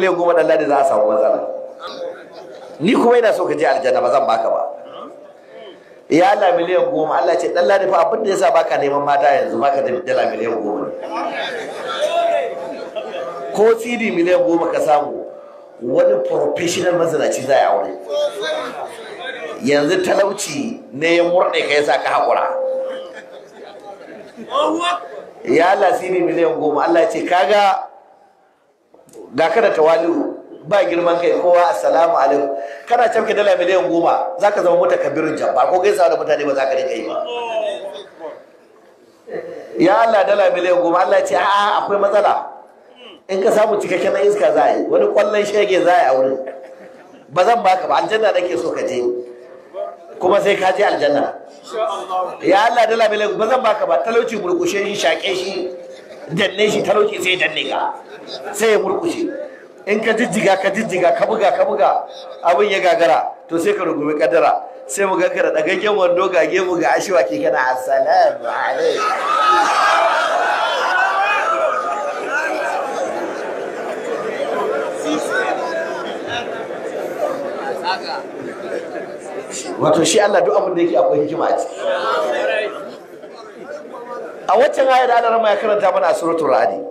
miliyan goma ɗan ladi za a samu matsala ni kuma ina so ka je aljanna ba zan baka ba ya la miliyan goma Allah ce ɗan ladi fa abin da yasa baka neman mata yanzu baka da dala miliyan goma ko tsiri miliyan goma ka samu wani professional mazinaci za a aure yanzu talauci ne ya murɗe ka yasa ka haƙura ya la tsiri miliyan goma Allah ce kaga Da ka da tawali'u ba girman kai kowa assalamu alaikum kana cafke dala miliyan goma za ka zama mutaka birin jabba ko gaisawa da mutane ba za ka dinga yi ba ya Allah dala miliyan goma Allah ya ce a'a akwai matsala in ka samu cikakken iska za a yi wani kwallon shege za a yi a wurin ba zan baka ba aljanna da ke so ka je kuma sai ka je aljanna ya Allah dala miliyan ba zan baka ba talauci burkushe shi shaƙe shi danne shi talauci sai danne ka sai ya murkushe in ka jijjiga ka jijjiga ka buga ka buga abin ya gagara to sai ka rungumi kadara sai mu gagara dagaggen wando gage mu ga ashiwa ke kana assalamu alaikum wato shi Allah duk abin da yake akwai hikima a ciki a waccan ayar da Allah ya karanta mana a suratul ra'd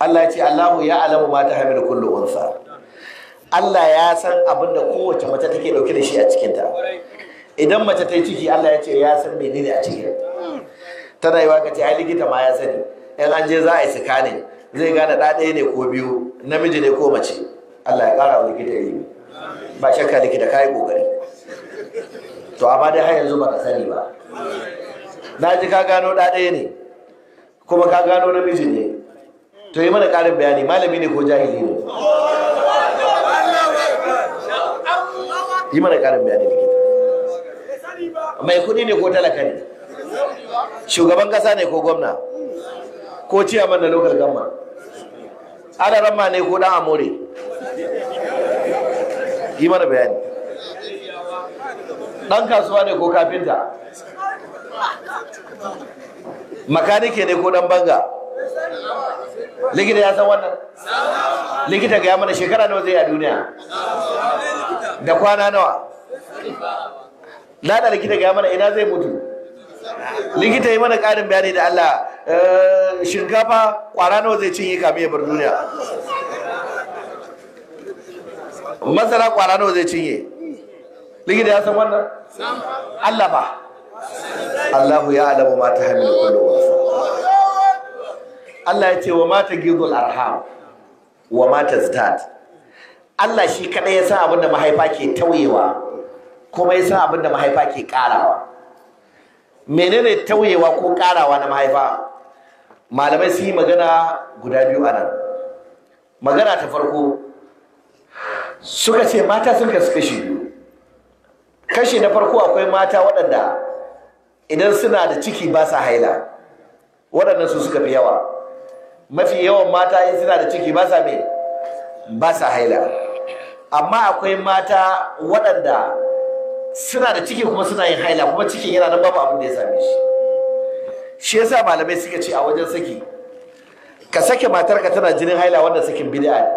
Allah ya ce Allahu ya alamu Hami da kullu unsa Allah ya san abin da kowace mace take dauke da shi a cikinta idan mace ta yi ciki Allah ya ce ya san menene a cikin tana yi yawa ce ai likita ma ya sani in an je za a yi sikanin zai gane da ɗaya ne ko biyu namiji ne ko mace Allah ya ƙara wa likita ilimi ba shakka likita ka yi to amma dai har yanzu ba ka sani ba na ji ka gano ɗa ɗaya ne kuma ka gano namiji ne to yi mana ƙarin bayani malami ne ko jahili ne yi mana ƙarin bayani likita mai kuɗi ne ko talaka ne shugaban ƙasa ne ko gwamna ko ciyaman da lokal gamma ana ramma ne ko ɗan amore yi mana bayani ɗan kasuwa ne ko kafinta makanike ne ko dan banga likita ya san wannan likita ga ya mana shekara nawa zai a duniya da kwana nawa lada likita ga ya mana ina zai mutu likita yi mana karin bayani da Allah eh, shinkafa kwara nawa zai cinye kamin ya bar duniya masara kwara nawa zai cinye likita ya san wannan Allah ba Allahu ya alamu mata Hamil hamilu kullu wafa Allah ya ce wa mata taghidul arham wa mata tazdad Allah shi kadai ya san abinda mahaifa ke tauyewa kuma ya san abinda mahaifa ke karawa menene tauyewa ko karawa na mahaifa malamai su yi magana guda biyu a nan magana ta farko suka ce mata sun kasu kashi kashi na farko akwai mata waɗanda idan suna da ciki ba sa haila waɗannan su suka fi yawa mafi yawan mata in suna da ciki ba sa mai ba sa haila amma akwai mata waɗanda suna da ciki kuma suna yin haila kuma cikin yana nan babu abin da ya same shi shi yasa malamai suka ce a wajen saki ka sake matarka tana jinin haila wanda sakin bid'a ne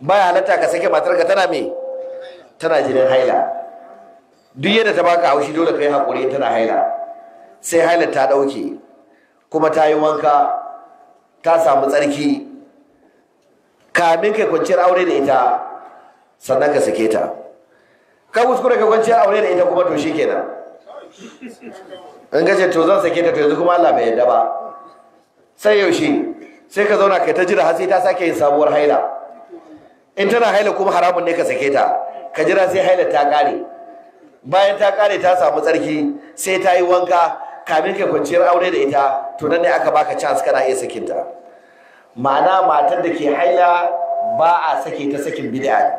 baya halatta ka sake matarka tana mai tana jinin haila duk yadda ta baka haushi dole kai hakuri tana haila sai haila ta ɗauke kuma ta yi wanka ta samu tsarki kamin kai kwanciyar aure da ita sannan ka sake ta ka kuskure ka kwanciyar aure da ita kuma to kenan. in gace to zan sake ta to yanzu kuma Allah bai yarda ba sai yaushe sai ka zauna kai ta jira har sai ta sake yin sabuwar haila in tana haila kuma haramun ne ka sake ta ka jira sai haila ta kare bayan ta kare ta samu tsarki sai ta yi wanka kamin ka kwanciyar aure da ita to nan ne aka baka chance kana iya sakin ma'ana matar da ke haila ba a sake ta sakin bid'a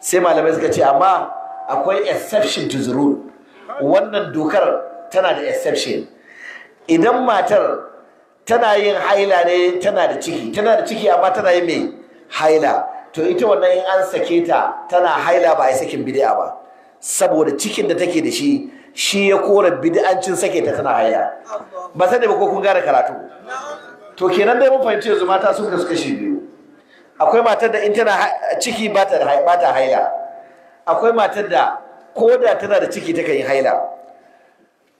sai malamai suka ce amma akwai exception to the rule wannan dokar tana da exception idan matar tana yin haila ne tana da ciki tana da ciki amma tana yin mai haila to ita wannan in an sake ta tana haila ba a yi sakin bid'a ba saboda cikin da take da shi shi ya kora bid'ancin sake ta tana haya ba sai da ba ko kun gane karatu to kenan dai mun fahimci yanzu mata sun kasu kashi biyu akwai matar da in tana ciki ba ta ba haila akwai matar da ko da tana da ciki ta yi haila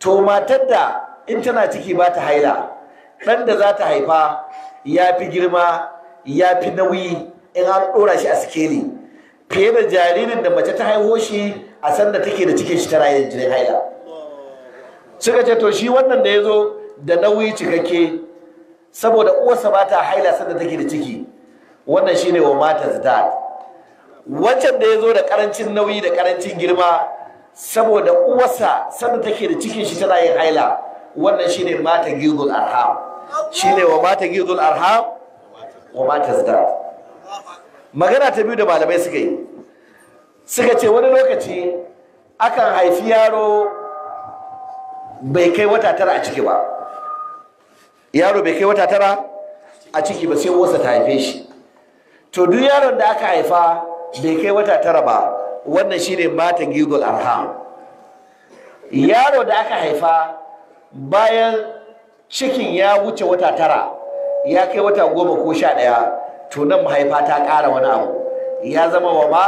to matar da in tana ciki ba ta haila ɗan da za ta haifa ya fi girma ya fi nauyi in an ɗora shi a sikeli fiye da jaririn da mace ta haihuwa shi a sanda take da cikin shi ta yin jirin haila suka ce to shi wannan da ya zo da nauyi cikakke saboda uwarsa ba ta haila sanda take da ciki wannan shi ne wa mata zita wancan da ya zo da karancin nauyi da karancin girma saboda uwarsa sanda take da cikin shi tana yin haila wannan shi ne mata gizul arham ne wa mata gizul arham wa mata zita magana ta biyu da malamai suka yi suka ce wani lokaci akan haifi yaro bai kai wata tara a ciki ba yaro bai kai wata tara a ciki ba sai wasa ta haife shi to duk yaron da aka haifa bai kai wata tara ba wannan shine matan gigol arham yaro da aka haifa bayan cikin ya wuce wata tara ya kai wata goma ko sha ɗaya Tunan mahaifa ta ƙara wani abu ya zama wa ma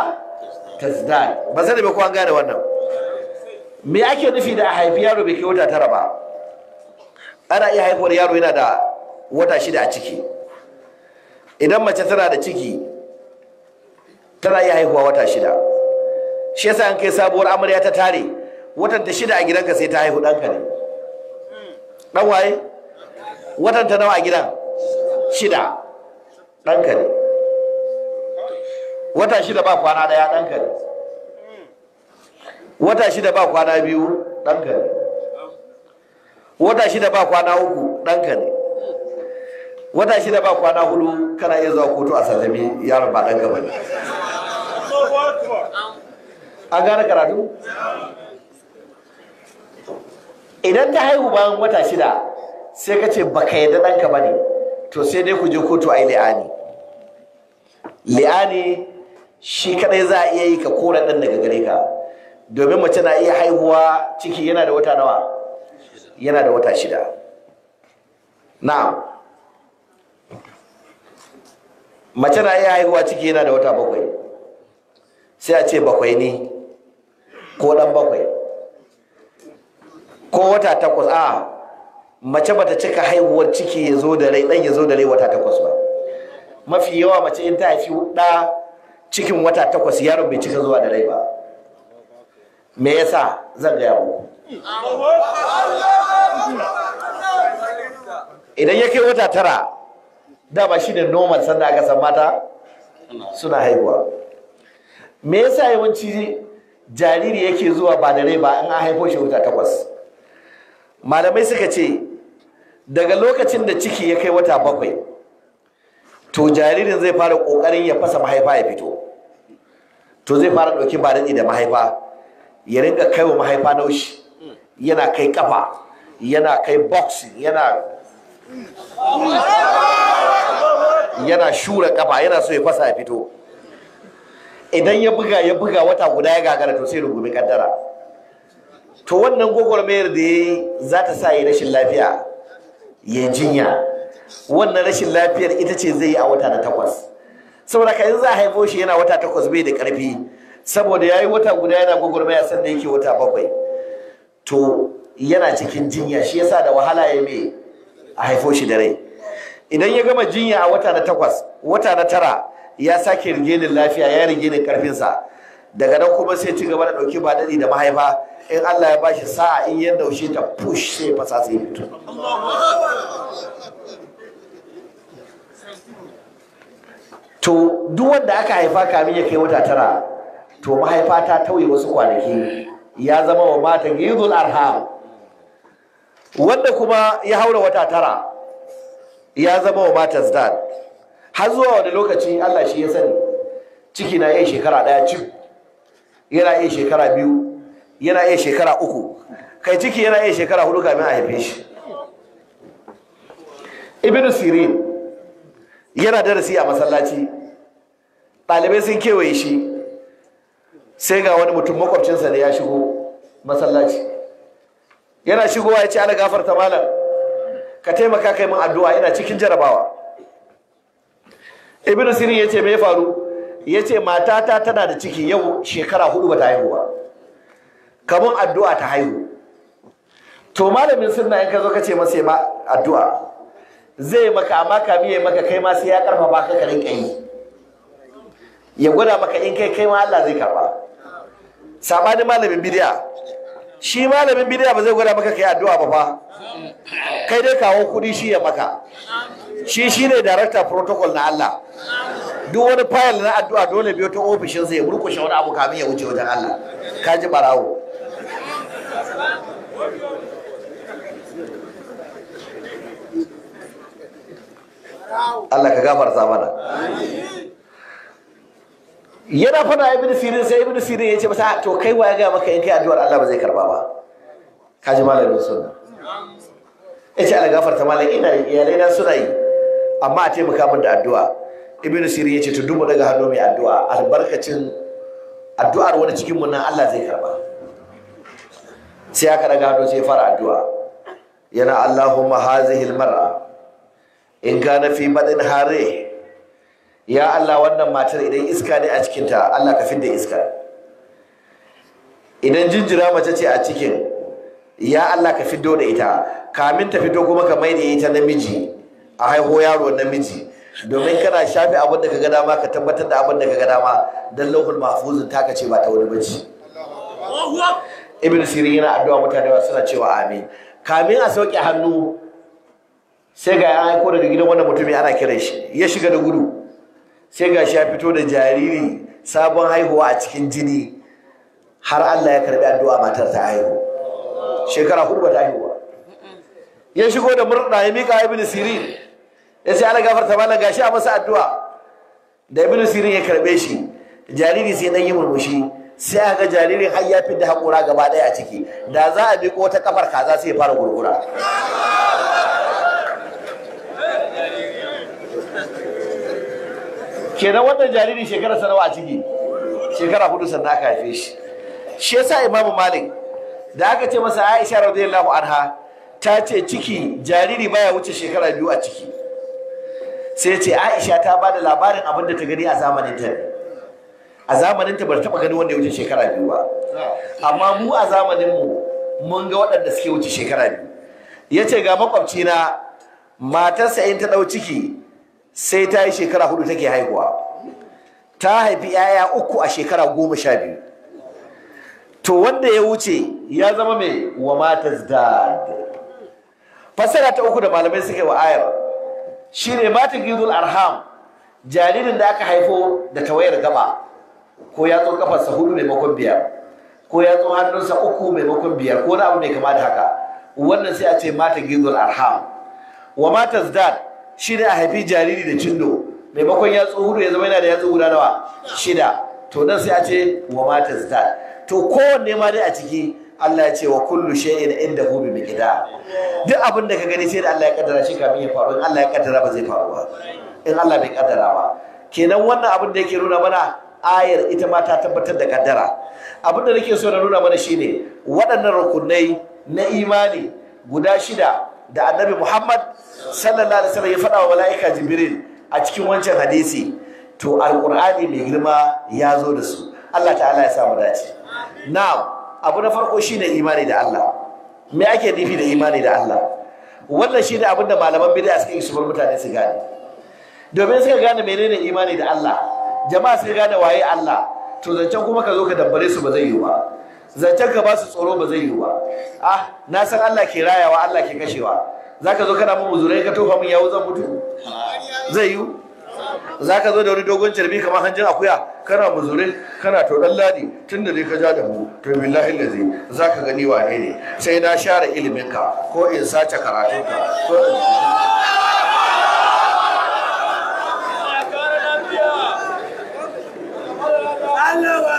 tazdad ba zai ba ko an gane wannan me ake nufi da a haifi yaro bai kai wata tara ba ana iya haifuwar yaro yana da wata shida a ciki idan mace tana da ciki tana iya haihuwa wata shida shi yasa an kai sabuwar amarya ta tare watan ta shida a gidanka sai ta haihu ɗanka ne ɗan waye watan ta nawa a gidan shida ɗanka ne wata shida ba kwana ɗaya ɗanka ne wata shida ba kwana biyu ɗanka ne wata shida ba kwana uku ɗanka ne wata shida ba kwana hudu kana iya zuwa kotu a sallami, yaron ba ɗanka ba ne an gane karatu idan ta haihu bayan wata shida sai ka ce baka yadda ɗanka ba ne to sai dai ku je kotu a yi li'ani li'ani shi kadai za a iya yi ka kora ɗan daga gare ka domin mace na iya haihuwa ciki yana da wata nawa yana da wata shida na'am mace na iya haihuwa ciki yana da wata bakwai sai a ce bakwai ne ko ɗan bakwai ko wata takwas a mace bata cika haihuwar ciki ya zo da rai ɗan ya zo da rai wata takwas ba mafi yawa mace in ta haifi ɗa cikin wata takwas yaron bai cika zuwa da rai ba me yasa zan gaya muku idan ya kai wata tara dama shi ne normal sanda aka san mata suna haihuwa me yasa yawanci jariri yake zuwa ba da rai ba in an haifo shi wata takwas malamai suka ce daga lokacin da ciki ya kai wata bakwai to jaririn zai fara kokarin ya fasa mahaifa ya fito to zai fara dauki ba da mahaifa ya rinka kai wa mahaifa naushi yana kai kafa yana kai boxing yana yana shura kafa yana so ya fasa ya fito idan ya buga ya buga wata guda ya gagara to sai rugumi kaddara to wannan gwagwarmayar da ya yi za ta sa ya rashin lafiya ya jinya wannan rashin lafiyar ita ce zai yi a wata na takwas saboda ka yanzu a haifo shi yana wata takwas bai da ƙarfi saboda ya yi wata guda yana gwagwarmaya da yake wata bakwai to yana cikin jinya shi yasa da wahala ya mai a haifo shi da rai idan ya gama jinya a wata na takwas wata na tara ya sake rigenin lafiya ya rigenin karfinsa daga nan kuma sai ci gaba da ɗauki ba daɗi da mahaifa in Allah ya bashi sa'a in ya daushe ta push sai fasa sai fito to duk wanda aka haifa kamin ya kai wata tara to mahaifa ta tauye wasu kwanaki ya zama wa mata gizul arham wanda kuma ya haura wata tara ya zama wa mata zdad har zuwa wani lokaci Allah shi ya sani ciki na yin shekara daya cik yana yin shekara biyu yana yin shekara uku kai ciki yana yin shekara hudu kamin a haife shi ibnu sirin yana darasi a masallaci ɗalibai sun kewaye shi sai ga wani mutum makwabcinsa ne ya shigo masallaci yana shigowa ya ce ana gafarta malam ka taimaka kai min addu'a yana cikin jarabawa ibnu sirin ya ce me faru ya ce matata tana da ciki yau shekara hudu ba ta haihu ba addu'a ta haihu to malamin sunna in ka zo ka ce masa addu'a zai maka amma ka biye maka kai ma sai ya karfafa ba ka rinka yi ya gwada maka in kai kai ma Allah zai karba sabanin malamin bidiya shi malamin bidiya ba zai gwada maka kai addu'a ba fa kai dai kawo kudi shi ya maka shi shine director protocol na Allah duk wani fayil na addu'a dole biyo ta ofishin zai burkushe wani abu kamin ya wuce wajen Allah ka ji barawo Allah ka gafarta mana yana fada ibn sirin sai ibn sirin ya ce masa to kai waya ya gaya maka in kai addu'ar Allah ba zai karba ba kaji malamin sunna ya ce Allah gafarta malam ina iyalai na suna yi amma a taimaka mun da addu'a ibn sirin ya ce to duba daga hannu mai addu'a albarkacin addu'ar wani cikin mu nan Allah zai karba sai aka daga hannu sai fara addu'a yana Allahumma hazihil mar'a in gane fi baɗin hare ya Allah wannan matar idan iska ne a cikinta Allah ka da iska idan jinjira mace ce a cikin ya Allah ka fiddo da ita kamin ta fito kuma ka maida ita namiji a haiho yaro namiji domin kana shafi abin da ka ga dama ka tabbatar da abin da ka ga dama dan lauhul mahfuzin taka ce ba ta wani bace ibn sirin yana addu'a mutane suna cewa amin kamin a sauke hannu sai ga ya aiko daga gidan wannan mutumin ana kiran shi ya shiga da gudu sai ga shi ya fito da jariri sabon haihuwa a cikin jini har Allah ya karbi addu'a matar ta haihu shekara hudu ta haihuwa ya shigo da murna ya mika ibn sirin ya ce ana gafarta malam gashi a masa addu'a da ibn sirin ya karbe shi jariri sai dan yi murmushi sai a ga jaririn har ya da haƙura gaba ɗaya a ciki da za a bi ko ta kafar kaza sai ya fara gurgura kenan wannan jariri shekara sanawa a ciki shekara hudu sannan aka haife shi shi yasa imamu malik da aka ce masa aisha radiyallahu anha ta ce ciki jariri baya wuce shekara biyu a ciki sai ce aisha ta bada labarin abin da ta gani a zamanin ta a zamanin ta bar taba gani wanda ya wuce shekara biyu ba amma mu a zamanin mu mun ga waɗanda suke wuce shekara biyu yace ga makwabci na matarsa in ta ɗau ciki sai ta yi shekara hudu take haihuwa ta haifi 'ya'ya uku a shekara goma sha biyu to wanda ya wuce ya zama mai wa matas da fasara ta uku da malamai suke wa ayar shine mata gizul arham jaririn da aka haifo da tawayar gaba ko yatsun kafarsa hudu maimakon biyar ko yatsun hannunsa uku maimakon biyar ko na abu mai kama da haka wannan sai a ce mata gizul arham wa matas dad Shida, a haifi jariri da cindo maimakon yatsu hudu ya zama yana da yatsu guda nawa shida to nan sai a ce wa mata zata to kowanne ma dai a ciki Allah ya ce wa kullu shay'in indahu bi gida. duk abin da ka gani sai da Allah ya kaddara shi kafin ya faru in Allah ya kaddara ba zai faru ba in Allah bai kaddara ba kenan wannan abin da yake nuna mana ayar ita ma ta tabbatar da kaddara abin da nake so na nuna mana shine waɗannan rukunai na imani guda shida da annabi Muhammad sallallahu alaihi wasallam ya faɗa wa mala'ika jibril a cikin wancan hadisi to alqur'ani mai girma ya zo da su Allah ta'ala ya samu mu dace na'am abu na farko shine imani da Allah me ake nufi da imani da Allah wannan shine abin da malaman bid'a suka yi su bar mutane su gane domin suka gane menene imani da Allah jama'a suka gane waye Allah to zancen kuma ka zo ka dabbare su ba zai yi ba zancen ka ba su tsoro ba zai yiwu ba ah na san Allah ke rayawa Allah ke kashewa zaka zo kana mun muzurai ka tofa mun yawo zan mutu zai yiwu zaka zo da wani dogon carbi kamar hanjin akuya kana muzurai kana to dan ladi tunda dai ka ja da mu to billahi lazi zaka gani wa ne sai na share ilimin ka ko in sace karatun ka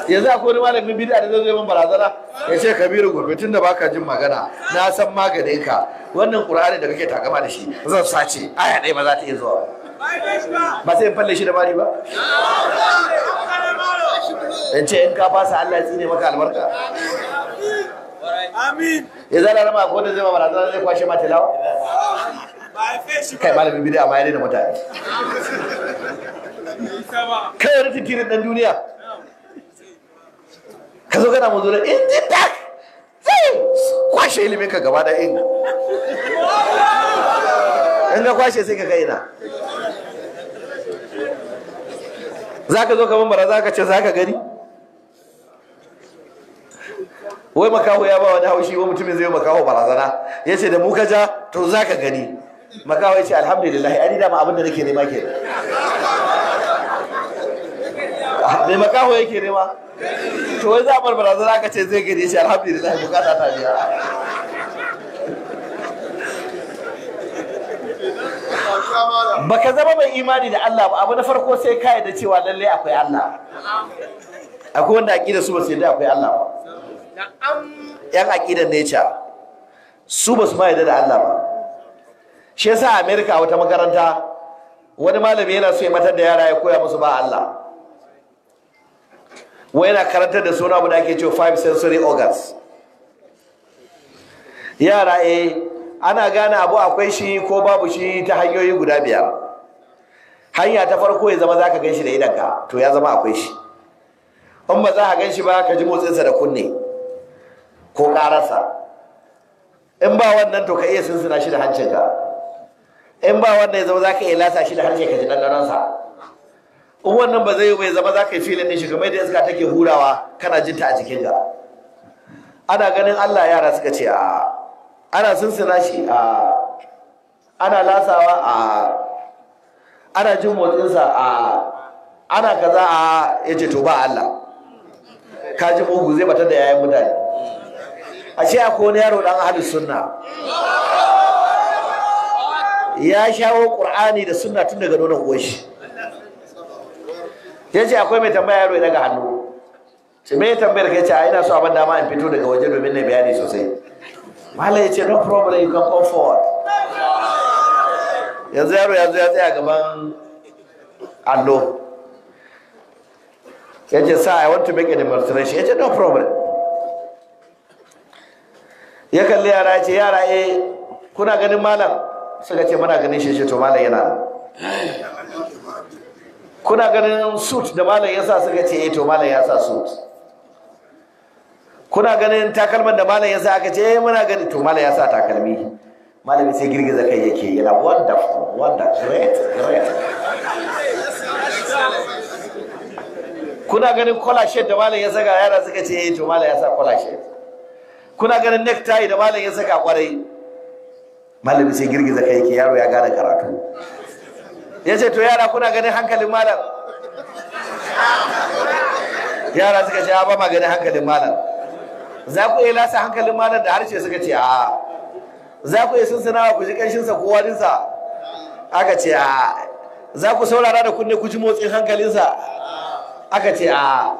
yanzu akwai wani malamin bid'a da zai zo min barazana ya ce kabiru gobe tun da baka jin magana na san maganin ka wannan qur'ani da kake takama da shi zan sace aya ɗaya ba za ta iya zuwa ba sai in falle shi da bari ba in ce in ka fasa Allah ya tsine maka albarka amin ya zara rama ko da zai ma barazana zai kwashe ma lawa kai malamin bid'a ma ya daina mutane kai wani tintirin dan duniya ka zo kana mazuna in ji tak zai kwashe ilimin ka gaba da in in ka kwashe sai ka kai na za ka zo ka mambara za ka ce za ka gani wai makaho ya ba wani haushi wa mutumin zai makaho barazana ya ce da mu ka ja to za ka gani makaho ya ce alhamdulillah ya ni dama abinda nake nema kenan mai makaho yake ma? to wai za barbara za aka ce zai gare shi alhamdulillah bukata ta biya baka zama mai imani da Allah ba abu na farko sai ka da cewa lallai akwai Allah akwai wanda aqida su ba su yadda akwai Allah ba yan aqidar nature su ba su ma yadda da Allah ba shi yasa amerika wata makaranta wani malami yana so ya matar da yara ya koya musu ba Allah wai yana karantar da suna abu da ake cewa five sensory organs yara e, ana gane abu akwai shi ko babu shi ta hanyoyi guda biyar hanya ta farko ya zama za ka gan shi da idanka to ya zama akwai shi in ba za ka gan shi ba ka ji motsinsa da kunne ko karasa. in ba wannan to ka iya sunsuna shi da hancinka in ba wannan ya zama za ka iya lasa shi da hancinka ka ji ɗanɗanonsa in wannan ba zai bai zama za ka yi filin ne shi kamar da iska take hurawa kana jin ta a jikin ka ana ganin Allah yara suka ce a ana sunsuna shi a ana lasawa a ana jin motsinsa a ana kaza a ya ce to ba Allah ka ji mugu zai batar da yayan mutane ashe akwai wani yaro dan ahlus sunna ya shawo qur'ani da sunna tun daga nonon uwar shi ya ce akwai mai tambaya yaro ya daga hannu ce me tambayar ka ya ce a ina so abin dama in fito daga waje domin na bayani sosai malam ya ce no problem you can come forward yanzu yaro yanzu ya tsaya gaban allo ya ce sa i want to make a demonstration ya ce no problem ya kalli yara ya ce yara eh kuna ganin malam suka ce muna ganin shi to malam yana kuna ganin suit da malam ya sa suka ce eh, to malam ya sa suit kuna ganin takalman da malam ya sa aka ce eh, muna gani to malam ya sa takalmi malami sai girgiza kai yake yana wonderful wonderful great great kuna ganin kwalashe da malam ya saka yara suka ce eh, to malam ya sa kwalashe kuna ganin necktie da malam ya saka kwarai malami sai girgiza kai yake yaro ya gane karatu ya ce to yara kuna ganin hankalin malam yara suka ce ba ma ganin hankalin malam za ku iya lasa hankalin malam da harshe suka ce a za ku iya sunsuna ku ji sa ko warinsa aka ce a za ku saurara da kunne ku ji motsin hankalinsa aka ce a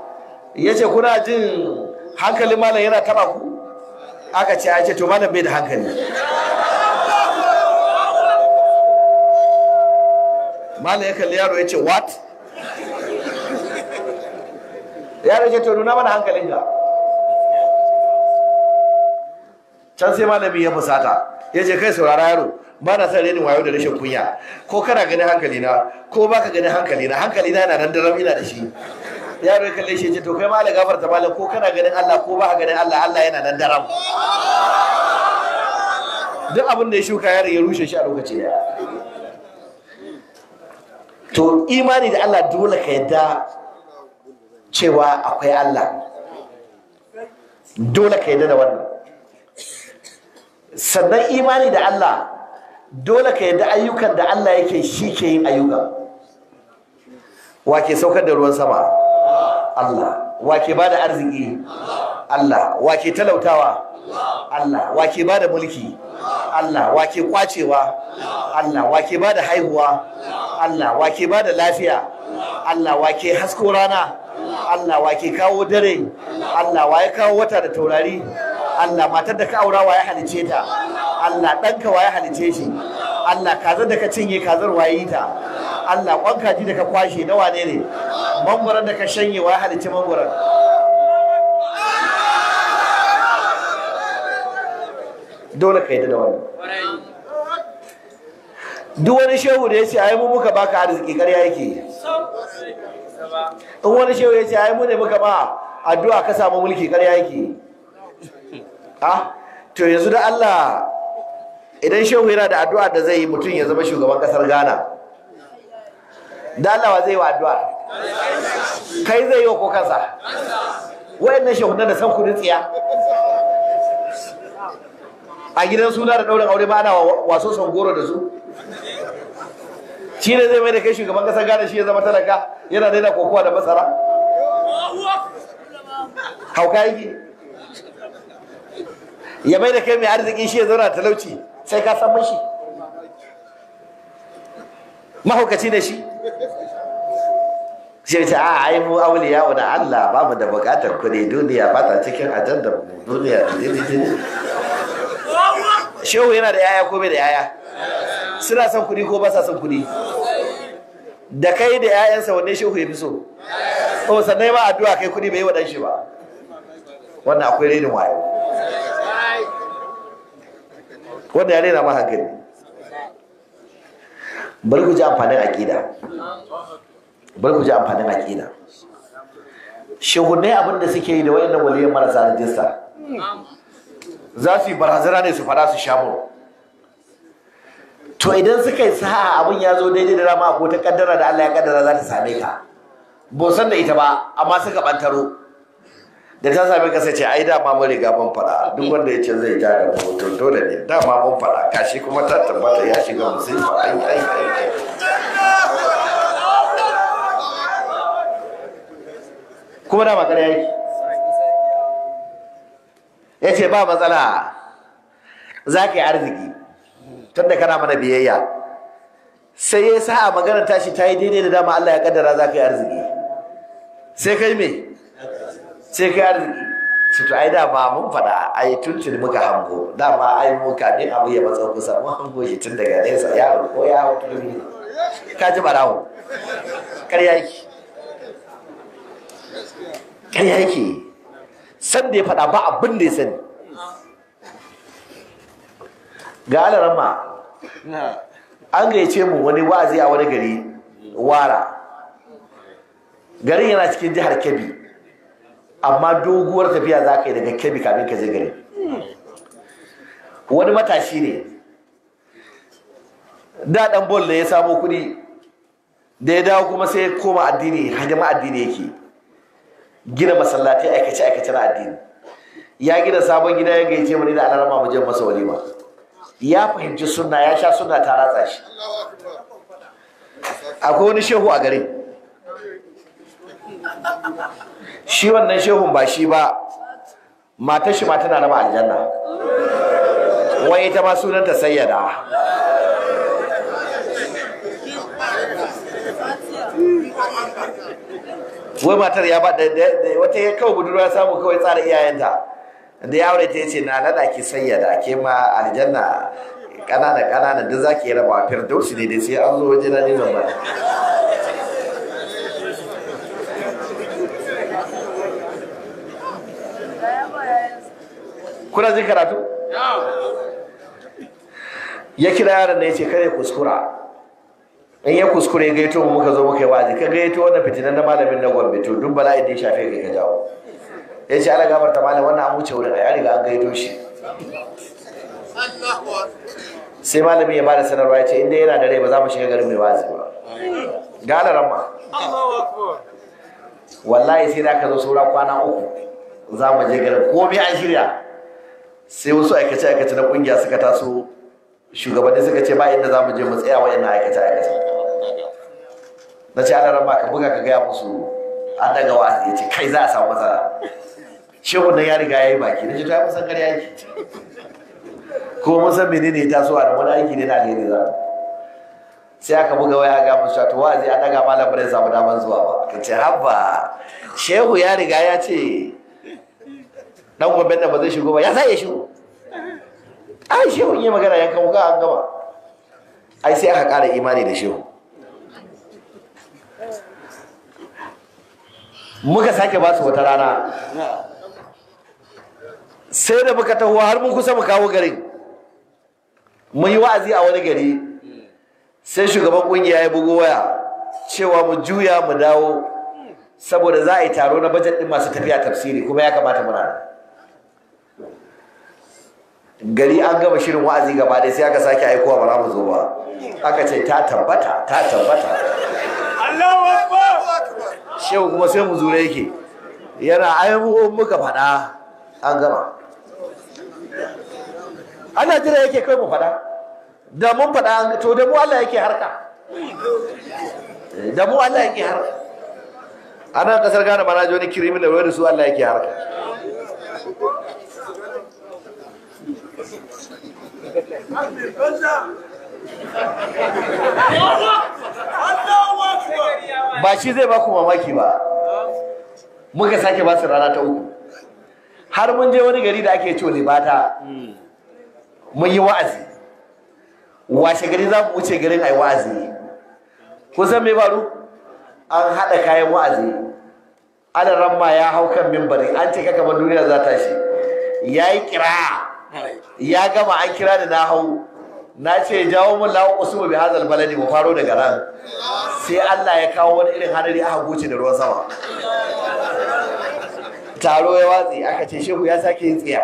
ya ce kuna jin hankalin malam yana taba ku aka ce a ce to malam bai da hankali malam ya kalli yaro ya ce what yaro ce to nuna mana hankalin ka can sai malami ya fusata ya ce kai saurara yaro ba na son renin wayo da rashin kunya ko kana ganin hankali na ko baka ganin hankali na hankali na yana nan daram ina da shi yaro ya kalle shi ce to kai malam gafarta malam ko kana ganin Allah ko ba ganin Allah Allah yana nan daram duk abin da ya shuka yaro ya rushe shi a lokaci ya to imani da Allah dole ka yadda cewa akwai Allah dole ka yadda da wannan sannan imani da Allah dole ka yadda ayyukan da Allah yake shi ke yin ayyuka wa saukar da ruwan sama Allah wa ba da arziki Allah wake talautawa Allah wake ke ba da mulki Allah wake kwacewa Allah wake ke ba da haihuwa Allah wake ba da lafiya Allah wake hasko rana Allah wake kawo dare Allah waye kawo wata da taurari Allah matar da ka aura waye halice ta Allah ɗanka waye halice shi Allah kazar da ka cinye kazar waye ta Allah kwan kaji da ka kwashe na wane ne mamburan da ka shanye waye halice mamburan. dole ka yi da wannan duk wani shehu da ya ce ai mu muka baka arziki ya yake in wani shehu ya ce ai mu ne muka ba addu'a ka samu mulki ƙarya yake ah to yanzu da Allah idan shehu yana da addu'a da zai yi mutum ya zama shugaban kasar Ghana da Allah wa zai wa addu'a kai zai yi wa ko kansa wayannan shehu da san kudin tsiya a gidan suna da ɗaurin aure ba ana waso sangoro da su shi ne zai mai da kai shugaban ƙasar gane shi ya zama talaka yana daina kokowa da masara hauka yake ya mai da kai mai arziki shi ya zauna talauci sai ka san mashi mahaukaci ne shi sai ce a ai mu auliya da Allah ba mu da bukatar kudi duniya ba ta cikin ajandar duniya da shehu yana da yaya ko bai da yaya suna son kuɗi ko ba sa son kuɗi da kai da yayansa wanne shehu ya fi so to sannan ba addu'a kai kuɗi bai yi wa dan shi ba wannan akwai rainin wayo wanda ya rena ma hankali bari ku ji amfanin aƙida bari ku ji amfanin aƙida shehunai abin da suke yi da wayannan waliyan marasa rajista za su yi barazana ne su fada su sha to idan suka yi sa'a abin ya zo daidai da rama ko ta kaddara da Allah ya kaddara za ta same ka bo san da ita ba amma suka bantaro da ta same ka sai ce ai dama mun riga mun fada duk wanda ya ce zai ja da hoton dole ne dama mun fada kashi kuma ta tabbata ya shiga musifa ai ai ai kuma da kare yake ya ce ba matsala za ka yi arziki tun da kana mana biyayya sai ya sa a magana tashi ta yi daidai da dama Allah ya kaddara za ka yi arziki sai kai me sai kai arziki su to ai dama mun faɗa ai tuntun muka hango dama ai mun kamin abu ya matsa kusa mun hango shi tun daga nesa yaro ko ya hau turmi ka ji barawo ƙarya yake ƙarya yake san da ya faɗa ba abin da ya sani ga alarama an gayyace mu wani wa'azi a wani gari wara garin yana cikin jihar kebbi amma doguwar tafiya za ka yi daga kebbi kamin ka zai gari wani matashi ne da dan bol da ya samo kuɗi da ya dawo kuma sai koma addini hajjama addini yake gina masallatai aikace aikace na addini ya gina sabon gida ya gayyace mu ne da alarama mu je masa walima ya fahimci sunna ya sha sunna ta ratsa shi akwai wani shehu a garin shi wannan shehun ba shi ba matar shi ma tana raba aljanna wai ita ma sunanta sayyada wai matar ya ba bada wata ya kawo budurwa ya samu kawai tsara iyayenta da ya aure ta yace na nada ki sayyada ke ma aljanna kanana kanana duk zaki raba firdausi ne dai sai an zo waje na ne ba kuna jin karatu ya kira yaron da yace kare kuskura in ya kuskure gaito mu muka zo muka yi wazi ka gaito wannan fitinan na malamin na gombe to duk bala'i da ya shafe ka ka jawo ya ce ala gabar ta malam wannan an wuce wurin a yari ga an gaito shi sai malami ya bada sanarwa ya ce inda yana da rai ba za mu shiga garin mai wazi ba gane ramma wallahi sai na ka zo saura kwana uku za mu je garin ko mai an shirya sai wasu aikace-aikace na kungiya suka taso shugabanni suka ce ba inda za mu je mu tsaya wa ina aikace-aikace na ce ana rama ka buga ka gaya musu an daga wasu ya ce kai za a samu matsala shehu nan ya riga ya yi baki na ce ta yi musan ya yi Ko mun san ne ta so a wani aiki ne na alheri za sai aka buga waya ga musu to wa'azi an daga malam bare samu daman zuwa ba ka ce habba shehu ya riga ya ce dan gobe da ba zai shigo ba ya sai ya shigo ai shehu yi magana yankan wuka an gama ai sai aka ƙara imani da shehu muka sake ba su wata rana sai da muka taho har mun kusa mu kawo garin mun yi wa'azi a wani gari sai shugaban kungiya ya bugo waya cewa mu juya mu dawo saboda za a yi taro na bajet din masu tafiya tafsiri kuma ya kamata muna gari an gama shirin wa'azi gaba ɗaya sai aka sake aikowa ba za mu zo ba aka ce ta tabbata ta tabbata shehu kuma sai mu zure yake yana ayyuhu muka faɗa an gama ana jira yake kai mu faɗa da mun faɗa to da mu Allah yake harka da mu Allah yake harka Ana nan kasar Ghana mana joni kirimin da da su Allah yake harka Amin banza ba shi zai baku mamaki ba muka sake ba su rana ta uku har mun je wani gari da ake ba ta mun yi wa'azi washe gari za mu wuce garin a yi wa'azi kusan mai faru an haɗa kayan wa'azi ana ramma ya hau kan mimbarin an ce kamar duniya za ta shi ya yi kira ya gama an kira da na hau na ce jawo mun lawo usumu bi hazal baladi mu faro daga nan sai Allah ya kawo wani irin hadari aka goce da ruwan sama taro ya watsi aka ce shehu ya sake yin tsiya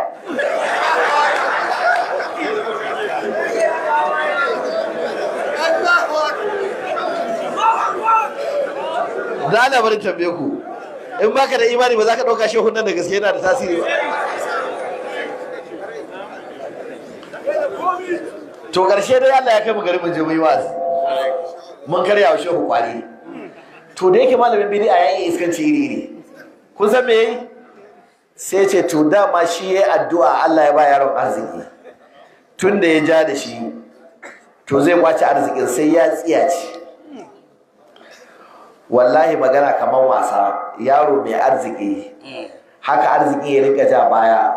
Zana bari tambaye ku in baka da imani ba za ka ɗauka shehu nan da gaske yana da tasiri ba to ƙarshe dai Allah ya kai mu gari mu je mu yi wa'azi mun karya wa shehu kwari to da yake malamin bini a yayin iskanci iri ne kun san me yayi sai ce to dama shi yi addu'a Allah ya ba yaron arziki tun da ya ja da shi to zai kwace arzikin sai ya tsiyace wallahi magana kamar wasa yaro mai arziki haka arziki ya rika ja baya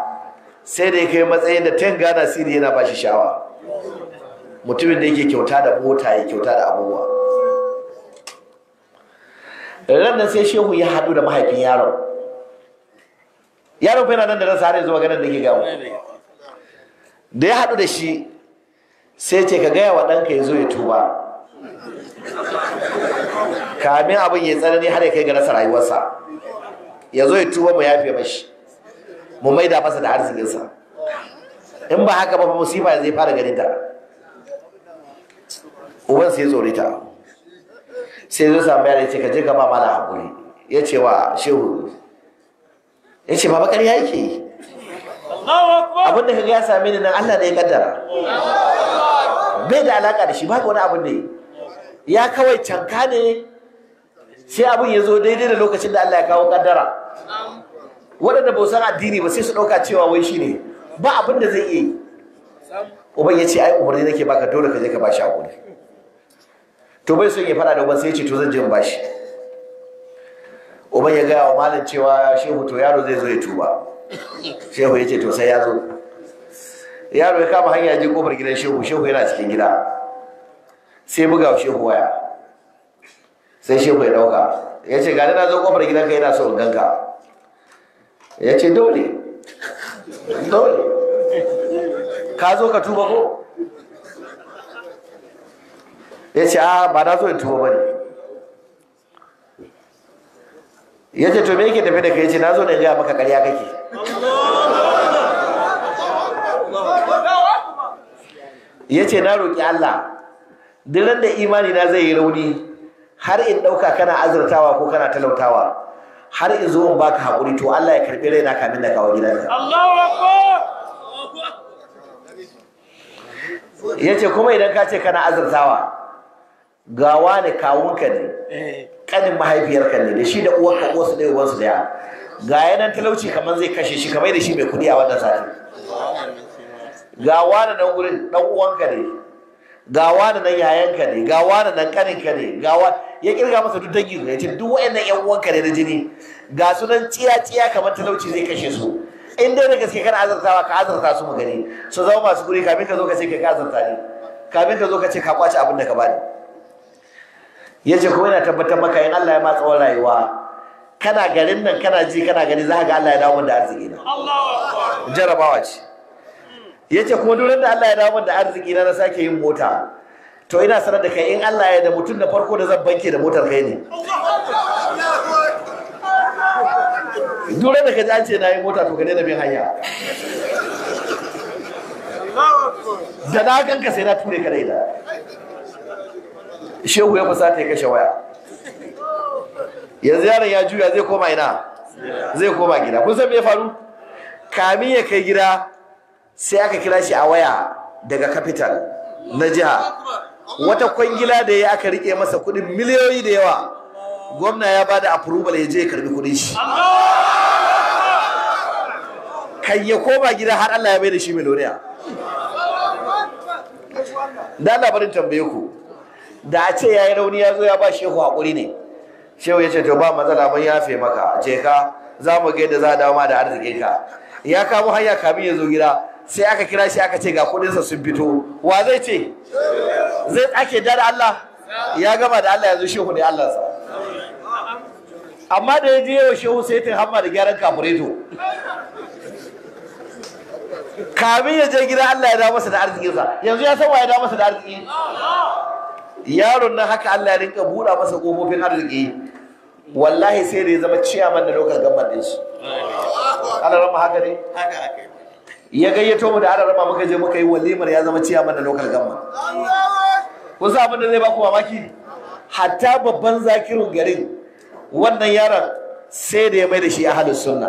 sai da ya kai matsayin da ten gana siri yana ba shi shawa mutumin da yake kyauta da mota ya kyauta da abubuwa da sai shehu ya haɗu da mahaifin yaron yaron fa yana nan da rasa har zuwa ganin da ke gamu da ya haɗu da shi sai ce ka gaya wa ɗanka ya zo ya tuba kamin abin ya tsanani har ya kai ga rasa rayuwarsa ya zo ya tuba mu yafe mashi mu maida masa da arzikinsa in ba haka ba musifa zai fara ganin ta uban sai tsorita sai zo sami yare ce ka je ka ba mana haƙuri ya ce wa shehu ya ce baba ƙarya yake yi abinda ka ya same ni nan Allah ne ya kaddara bai da alaka da shi ba wani abin ne ya kawai canka ne sai abin ya zo daidai da lokacin da Allah ya kawo kaddara waɗanda ba san addini ba sai su ɗauka cewa wai shi ne ba abin da zai iya yi uban ya ce ai umarni nake baka dole ka je ka ba shi hakuri. to bai son ya faɗa da uban sai ce to zan je in bashi uban ya gaya wa malam cewa shehu to yaro zai zo ya tuba shehu ya ce to sai ya zo yaro ya kama hanya je kofar gidan shehu shehu yana cikin gida sai buga wa shehu waya sai shehu ya dauka ya ce gani na zo kofar gidan ka yana so in ganka ya ce dole dole ka zo ka tuba ko ya ce a ah, ba na so in tuba ne. ya ce to me yake tafi da kai ce na zo ne gaya maka ƙarya kake ya ce na roƙi Allah duk da imani na zai yi rauni har in ɗauka kana azurtawa ko kana talautawa har in zo in baka haƙuri to Allah ya karɓi raina kamin da kawo ka. ya ce kuma idan ka ce kana azurtawa gawa ne kawunka ne kanin eh. mahaifiyarka ne da shi da uwarka wasu da uwarsu daya ga yanan talauci kamar zai kashe shi kamar da shi mai kudi a wannan sati gawa da nan gurin dan uwanka ne gawa da nan yayanka ne gawa da nan kaninka ne gawa ya kirga masa duk dangin ya ce duk wayannan yan uwanka ne na jini ga su nan tsiya tsiya kamar talauci zai kashe su in dai da gaske kana azartawa ka azarta su mu gani su zama masu guri kafin ka zo ka ce ka azarta ne kafin ka zo ka ce ka kwace abin da ka bani ya ce kuma yana tabbatar maka in Allah ya ma tsawon rayuwa kana garin nan kana ji kana gani za ga Allah ya dawo da arziki na jarabawa ce ya ce kuma duk da Allah ya dawo da arziki na na sake yin mota to ina sanar da kai in Allah ya da mutum da farko da zan banke da motar kai ne duk da ka ji an ce na yi mota to ka daina bin hanya da na ganka sai na ture ka da shehu ya ta ya kashe waya yanzu yaron ya juya zai koma ina zai koma gida kun san me ya faru kamin ya kai gida sai aka kira shi a waya daga capital na jiha wata kwangila da ya aka rike masa kudin miliyoyi da yawa gwamna ya bada approval ya je ya karbi kudin shi kan ya koma gida har Allah ya bai da shi miliyoniya da labarin tambaye ku da a ce ya yi rauni ya zo ya ba shehu haƙuri ne shehu ya ce to ba matsala mun yafe maka je ka za mu ga yadda za a dawo ma da arziki ka ya kamo hanya kamin ya zo gida sai aka kira shi aka ce ga kuɗinsa sun fito wa zai ce zai ake da Allah ya gama da Allah ya zo shehu ne Allah sa amma da ya je wa shehu sai ta hamma da gyaran kafureto kamin ya je gida Allah ya dawo masa da arzikinsa yanzu ya san wa ya dawo masa da arziki yaron nan haka Allah ya rinka buɗa masa kofofin arziki wallahi sai da ya zama ciyaman da lokacin gambar din su ana rama haka ne ya gayyato mu da ana rama muka je muka yi walimar ya zama ciyaman da lokacin gambar ku sa abin da zai baku mamaki hatta babban zakirun garin wannan yaron sai da ya mai da shi ahalus sunna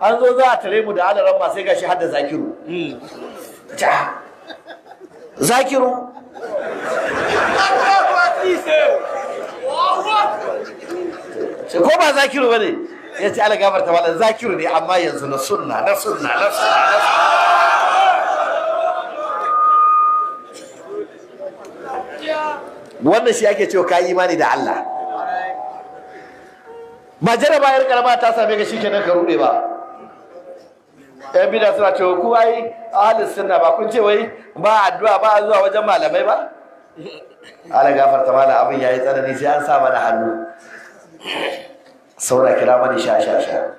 an zo za a tare mu da ana rama sai shi hadda zakiru hmm. Zakiru? ko ba zakiru ba ne ya ce ala gabar ta zakiru ne amma yanzu na sunna na sunna na sunna na wannan shi ake cewa ka imani da Allah ba bayar karama ta same ka kenan ka rude ba yan bida suna ce ku ai ahalin sunna ba kun ce wai ba addu'a ba zuwa wajen malamai ba ala gafarta mala abin yayi tsanani sai an sa mana hannu saura kira mani sha sha sha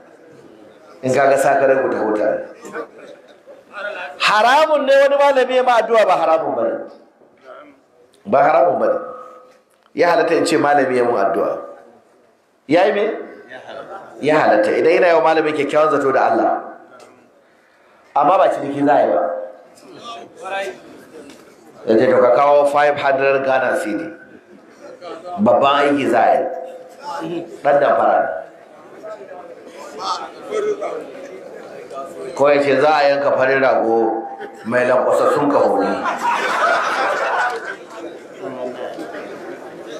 in ka ga sa ka ta huta haramun ne wani malami ma addu'a ba haramun bane ba haramun bane ya halatta in ce malami ya mu addu'a yayi me ya halatta idan yana yawa malami kyakkyawan zato da Allah amma ba ciniki za a yi ba ya ce to ka kawo 500 ghana cedi babban aiki za a yi ɗan da fara ko ya ce za a yanka farin rago mai lankwasassun kahoni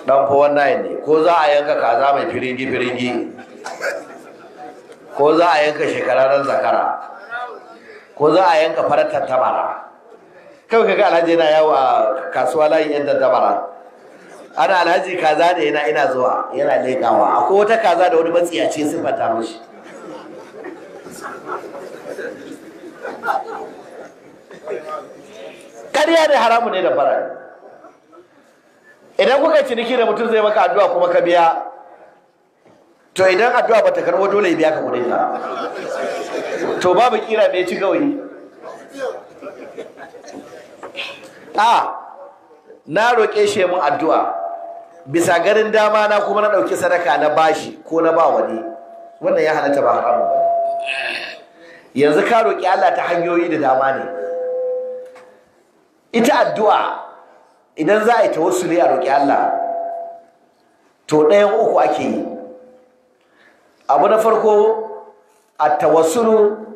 dan fowar nayin ne ko za a yanka kaza mai firingi-firingi ko za a yanka shekararren zakara ko za a yanka farar tabara kawai kaga alhaji yana yawo a kasuwa layin yan tattabara ana alhaji kaza da yana ina zuwa yana lekawa akwai wata kaza da wani matsiyaci siffata mashi ƙarya ne haramu ne da fara idan kuka ciniki da mutum zai maka addu'a kuma ka biya to idan addu'a bata karbo dole ya biya ka kuɗin to babu kira mai ci gawayi a na roƙe shi mun addu'a bisa garin dama na kuma na ɗauki sadaka na bashi ko na ba wani wannan ya halatta ba haramu ba yanzu ka roƙi Allah ta hanyoyi da dama ne ita addu'a idan za a yi tawassuli a roƙi Allah to ɗayan uku ake yi abu na farko a tawassulu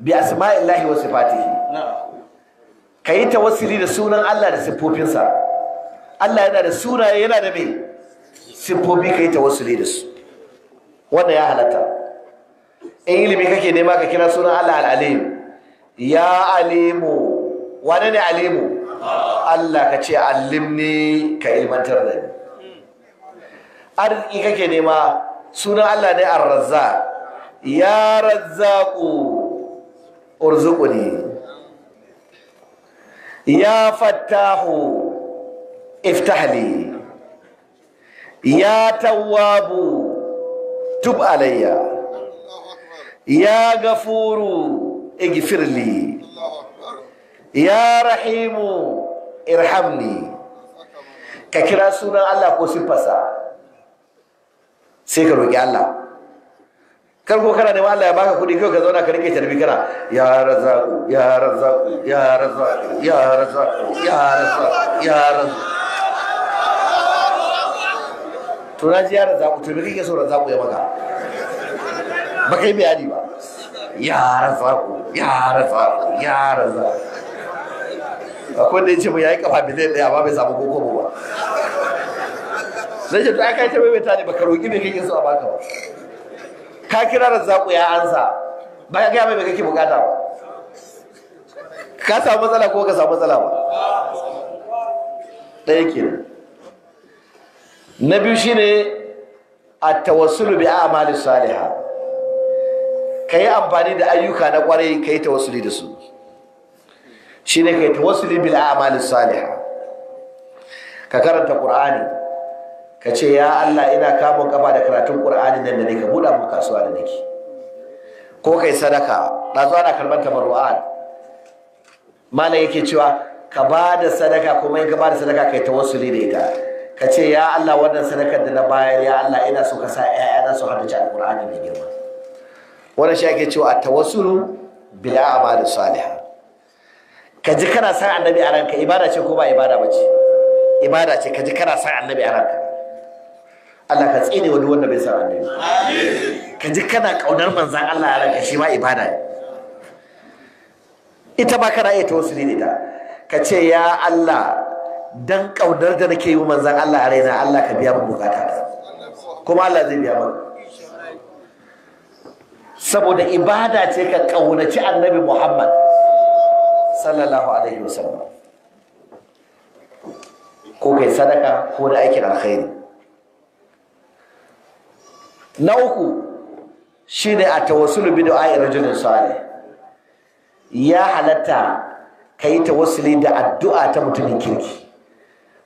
bi asma'illahi wa sifatihi kayi tawassuli da sunan Allah da siffofinsa Allah yana da sunaye yana da me siffofi kayi tawassuli da su wannan ya halatta in ilimi kake nema ka kira sunan Allah al-alim ya alimu wane ne alimu Allah ka ce allimni ka ilmantar da ni arziki kake nema sunan Allah ne ar-razzaq ya razzaqu urzuquni ya fattahu iftahli ya tawwabu tub alayya ya gafuru igfirli ya rahimu irhamni ka kira sunan Allah ko siffarsa sai ka roƙi Allah kar ko kana neman Allah ya baka kuɗi kai ka zauna ka rike tarbi kana ya razaqu ya razaqu ya razaqu ya razaqu ya razaqu ya razaqu to na ji ya razaqu to me kake so razaqu ya maka ba kai bayani ba ya razaqu ya razaqu ya razaqu akwai da yace ce mu yayi kafa zai daya ba bai samu koko ba sai ce to aka yi bai bai ta ne baka roki me kake so a baka ba ka kira razzaku ya ansa ba ka gaya mai kake bukata ba ka samu matsala ko ka samu matsala ba ɗaya na biyu shine a tawassulu bi a'mali Ka yi amfani da ayyuka na kwarai yi tawassuli da su Shi ne shine kai tawassuli bil a'mali Saliha ka karanta ƙur'ani ka ce ya Allah ina kamun kafa da karatun ƙur'ani nan da ne ka buɗa mun kasuwa da nake ko kai sadaka na zo ana karban tabarru'at malam yake cewa ka ba da sadaka kuma in ka ba da sadaka kai tawassuli da ita ka ce ya Allah wannan sadakar da na bayar ya Allah ina so ka sa ƴaƴana su da ƙur'ani mai girma wannan shi ake cewa tawassulu bil a'mal salihah ka ji kana san annabi a ranka ibada ce ko ba ibada ba ce ibada ce ka ji kana san annabi a ranka Allah ka tsine wani wanda bai san ne ka ji kana kaunar manzan Allah a ka shi ma ibada ne ita ba kana iya tawassuli ne ta ka ce ya Allah dan kaunar da nake yi manzan Allah a raina Allah ka biya min bukata kuma Allah zai biya maka saboda ibada ce ka kaunaci annabi Muhammad sallallahu alaihi wasallam ko kai sadaka ko da aikin alkhairi na uku shi ne a tawassulu bi du'a'i rajulin salih ya halatta ka yi tawassuli da addu'a ta mutumin kirki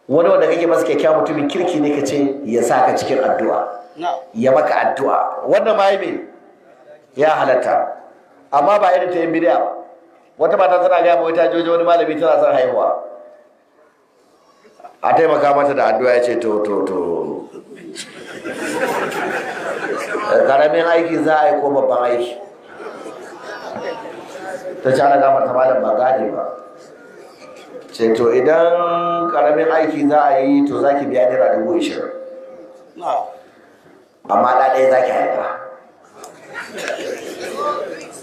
wani wanda kake masa kyakkyawa mutumin kirki ne ka ce ya sa ka cikin addu'a ya maka addu'a wannan ma me ya halatta amma ba irin ta yin bidiya ba wata mata tana gaya ma wata jojo wani malami tana son haihuwa a taimaka mata da addu'a ya ce to to to karamin aiki za a yi ko babban aiki ta ce ana ta malam ba gane ba ce to idan karamin aiki za a yi to za ki biya naira dubu ishirin amma ɗaya za ki haifa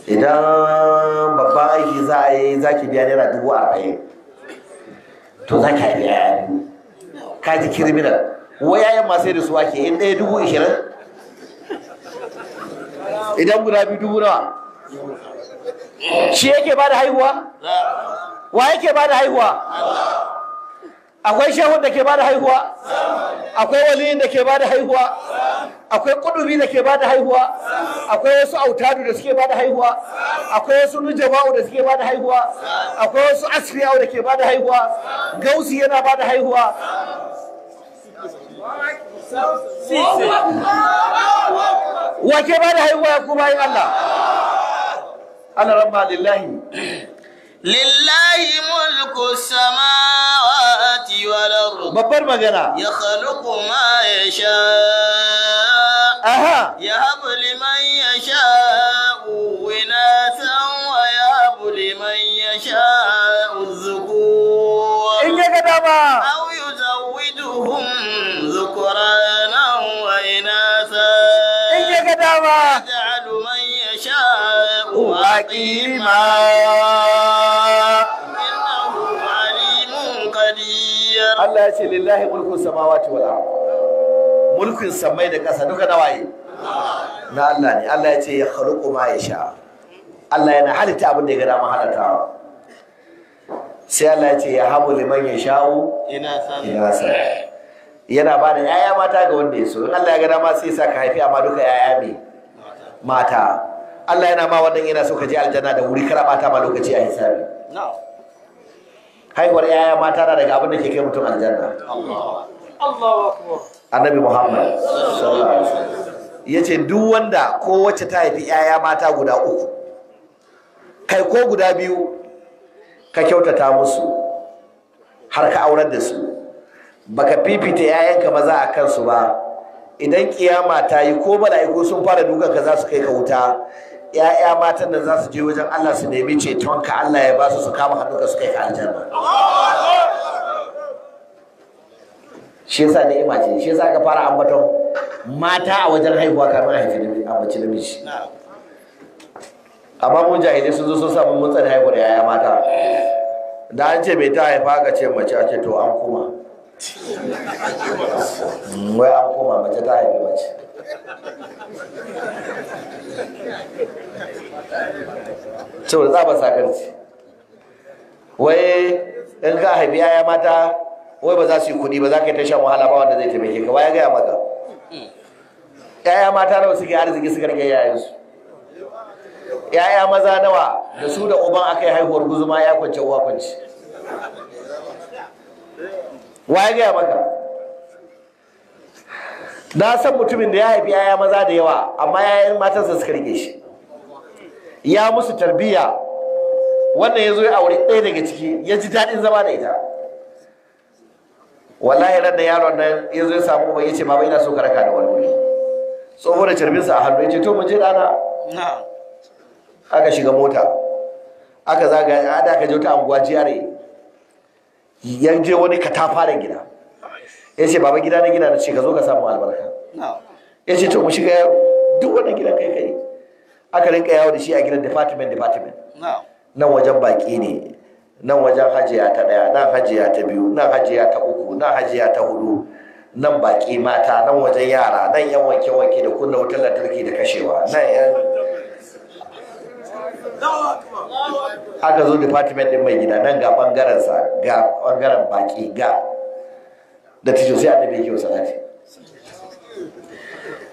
idan babban aiki za a yi za ki biya naira dubu arba'in to za ki haifa ya yi ka ji kiriminal wai masu yi da su ake in ɗaya dubu ishirin idan guda biyu dubu nawa shi yake ba da haihuwa wa yake ba da haihuwa akwai shehun da ke ba da haihuwa akwai waliyin da ke ba da haihuwa akwai kudubi da ke ba da haihuwa akwai wasu autadu da suke ba da haihuwa akwai wasu nujaba'u da suke ba da haihuwa akwai wasu asriya'u da ke ba da haihuwa gausi yana ba da haihuwa wake ba da haihuwa kuma bayan Allah ana rabba lillahi lillahi mulku babbar magana ya khaluqu ma yasha aha yahab liman yasha winathan wa yahab liman in ga عليما إنه عليم قدير الله يأتي لله ملك السماوات والأرض da ƙasa duka waye? na Allah ne Allah ya ce ya khaluqu ma yasha Allah yana halitta abin da ya gada mahalata. sai Allah ya ce ya habu liman ya sha'u ina sa yana ba da yaya mata ga wanda ya so in Allah ya gada ma sai sa ka haifi amma duka yaya ne mata Allah yana ma wannan yana so ka je aljanna da wuri kar a ma lokaci a hisabi haihuwar yaya mata na daga abin da ke kai mutum aljanna annabi muhammad ya ce duk wanda ko wacce ta haifi yaya mata guda uku kai ko guda biyu ka kyautata musu har ka aurar da su baka fifita yayanka maza a kansu ba idan kiyama ta yi ko mala'iku sun fara dukan ka za su kai ka wuta ya'ya matan da za su je wajen Allah su nemi cetonka Allah ya ba su su kama hannu ka su kai aljanna shi yasa ne ima shi yasa ka fara ambaton mata a wajen haihuwa kamar haifi ambaci namiji amma mun jahilai sun zo sun samu mutsar haihuwar yaya mata da an ce mai ta haifa ka ce mace a ce to an kuma Mm, wai an koma mace ta haifi mace cewar za ba sakarci wai in ka haifi yaya mata wai ba za su yi kuɗi ba za ka yi ta shan wahala ba wanda zai taimake ka ya gaya maka yaya mata nawa suke arziki suka rage yayansu yaya maza nawa da su da uban aka yi haihuwar guzuma ya kwance uwa kwance wa ya gaya maka na san mutumin da ya haifi yaya maza da yawa amma yayan matansa suka rike shi ya musu tarbiyya wannan ya zo ya aure ɗaya daga ciki ya ji daɗin zama da ita wallahi ran da yaron nan ya zo ya samu ba ya ce baba ina so ka raka da wani wuri tsoho da sa a hannu ya ce to mu je ɗana aka shiga mota aka zagaya a da aka je wata anguwa GRA yanje wani wani da gida ya ce baba gida na gida na ce ka zo ka samu albarka ya ce to mu shiga duk wani gida kai kai aka rinka yawo da shi a gidan department department nan wajen baki ne nan wajen hajiya ta daya nan hajiya ta biyu nan hajiya ta uku nan hajiya ta hudu nan baki mata nan wajen yara nan yan wanke wanke da kunna wutar lantarki da kashewa nan yan aka zo department din mai gida nan ga bangaren sa ga bangaren baki ga da tijo sai annabi yake wasa lati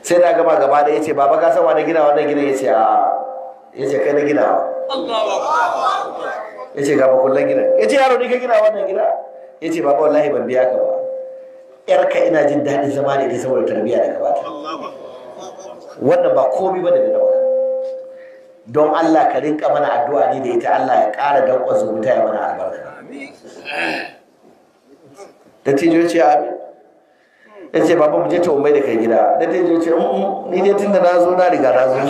sai na gama gaba da yace baba ka san wani gina wannan gina yace a yace kai na gina yace ga ba kullun gina yace yaro ni ka gina wannan gina yace baba wallahi ban biya ka ba ka ina jin daɗin zama da ita saboda tarbiyya da ka bata wannan ba komai bane da nawa don Allah ka rinka mana addu'a ne da ita Allah ya ƙara ƙwazo zumunta ya mana albarka da tijo ce amin ya ce baba mu je ta umai da kai gida da tijo ce mm, mm, ni ne tun da na zo na riga na zo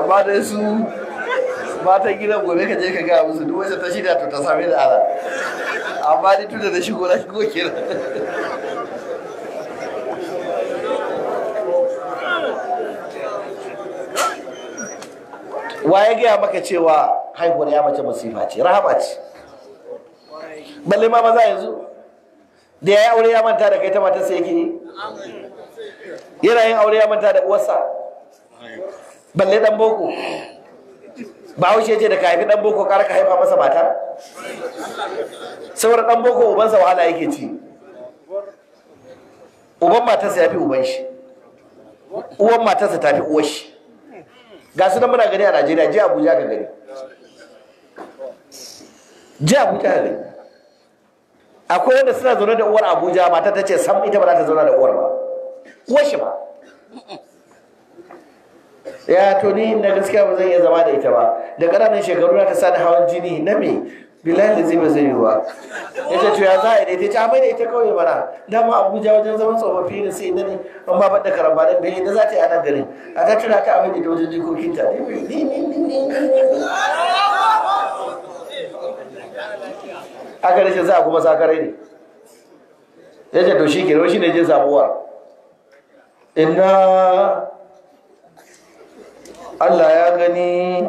amma da su matan gidan gobe ka je ka gaya musu duk wacce ta shida to ta same da ala amma ni tun da na shigo na shigo kenan wa ya gaya maka cewa haihuwar ya mace masifa ce rahama ce balle ma maza yanzu da ya yi aure ya manta da kai ta matarsa yake yi yana yin aure ya manta da uwarsa balle dan boko ba haushe ce da ka haifi dan boko kar ka haifa masa mata saboda dan boko ubansa wahala yake ci uban matarsa ya fi uban shi uwan matarsa ta fi uwar shi ga su nan muna gani a najeriya ji abuja ka gani Ji abuja ka gani akwai wanda suna zaune da uwar abuja mata ta ce sam ita ba za ta zauna da uwar ba uwar shi ba ya to ni na gaskiya ba zan iya zama da ita ba da ƙananan shekaru na ta sani hawan jini na me bilal da zai ba zai yiwa ya ce to ya za a yi ta ce amai da ita kawai mana dama abuja wajen zaman tsofaffi da sai inda ne an ba da karamba da bai da za ta yi a nan garin a ta tuna ta amai da ita wajen ta a ga rashin za a kuma sakare ne ya ce to shi ke shi ne je zabuwa inna Allah ya gani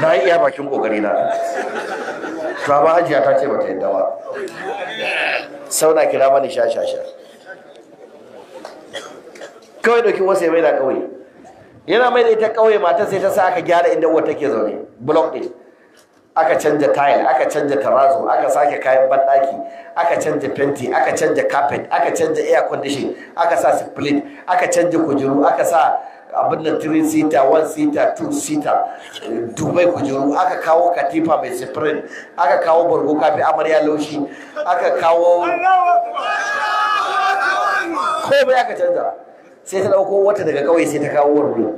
na iya bakin kokari na ta amma hajiya ta ce bata yadda ba sauna kira mani sha sha sha kawai dauki wasu mai da kauye yana mai da ita kauye matar sai ta sa aka gyara inda uwa take zaune block din aka canja tayar aka canja tarazo aka sake kayan banɗaki aka canja fenti aka canja carpet aka canja air condition aka sa split aka canja kujeru aka sa abin da 3 seater 1 seater 2 dubai kujeru aka kawo katifa mai sifirin aka kawo bargo kafi amarya laushi aka kawo bai aka canza sai ta dauko wata daga kawai sai ta kawo wargo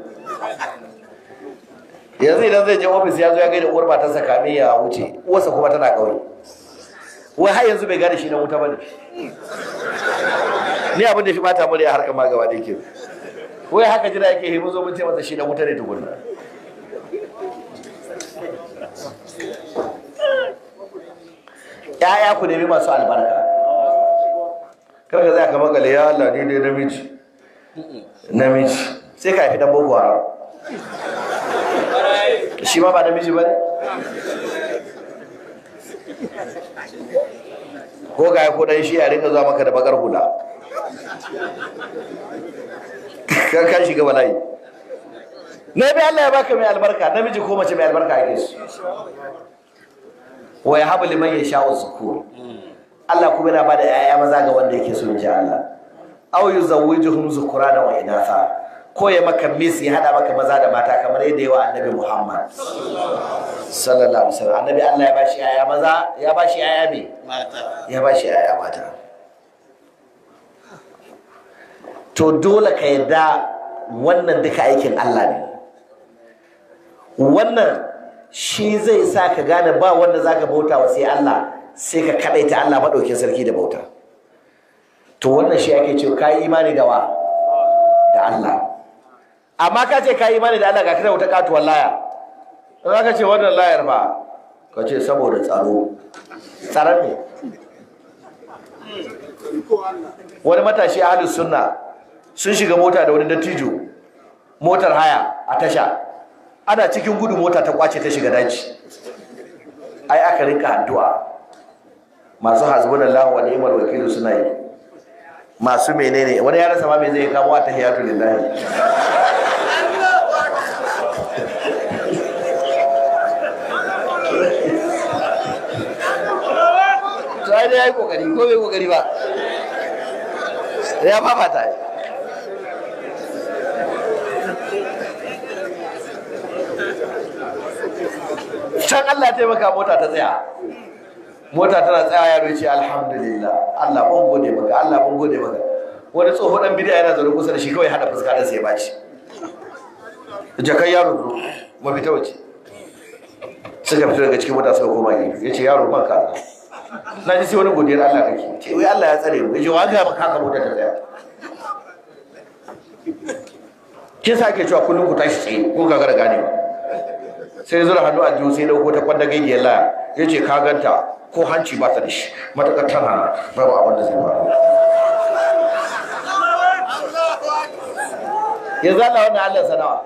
yanzu idan zai je ofis ya zo ya gaida uwar matarsa kame ya wuce wasa kuma tana kawai wai har yanzu bai gane shi na wuta bane ni abin da shi ta mure a harkar gaba da ke wai haka jira yake himu zo mun ce masa shi da wuta ne tukunna ya'ya ku nemi masu albarka kar za ka magale ya Allah ni dai namiji namiji sai ka haifi dan boko haram shi ma ba namiji ba ne ko ga ko dai shi ya rinka zuwa maka da bakar hula ka ka shiga bala'i na bi Allah ya baka mai albarka namiji ko mace mai albarka ake su wa ya yahabu liman wasu zukur Allah kuma yana bada yaya maza ga wanda yake so ji Allah aw yuzawwijuhum zukurana wa inatha ko ya maka misi ya hada maka maza da mata kamar yadda yawa annabi Muhammad sallallahu alaihi wasallam annabi Allah ya bashi yaya maza ya bashi yaya me mata ya bashi yaya mata to dole ka yadda wannan duka aikin Allah ne wannan shi zai sa ka gane ba wanda za ka bauta wa sai Allah sai ka kaɗaita Allah maɗaukin sarki da bauta to wannan shi ake ce ka yi imani da wa da Allah amma ka ce ka yi imani da Allah ga kira wata katuwar laya za ka ce wannan layar ba ka ce saboda tsaro tsaron ne wani matashi ahlus sunna sun shiga mota da wani dattijo motar haya a tasha ana cikin gudu mota ta kwace ta shiga daji ai aka rinka addu'a masu hasbunallahu wa ni'mal wakil suna yi masu menene wani ya rasa ma me zai kawo ta hayatu lillahi sai dai ya yi kokari ko bai kokari ba ya fafata ya can Allah taimaka mota ta tsaya mota tana tsaya yaro ce alhamdulillah Allah ban gode maka Allah ban gode maka wani tsoho dan bidiya yana zaune kusa da shi kawai hada fuska dan sai baci jakan yaro zo waje. wace suka fito daga cikin mota suka koma gefe yace yaro ban kaza na ji sai wani godiyar Allah kake ce wai Allah ya tsare mu yace wa ga maka ka mota ta tsaya ke sa ake cewa kullum ku tashi tsaye ko gagara gane ba sai zura hannu a jiyo sai dauko ta kwanda gaigiyar laya ya ce ka ganta ko hanci ba ta da shi matakar tana babu abin da zai faru ya zala wani allah sanawa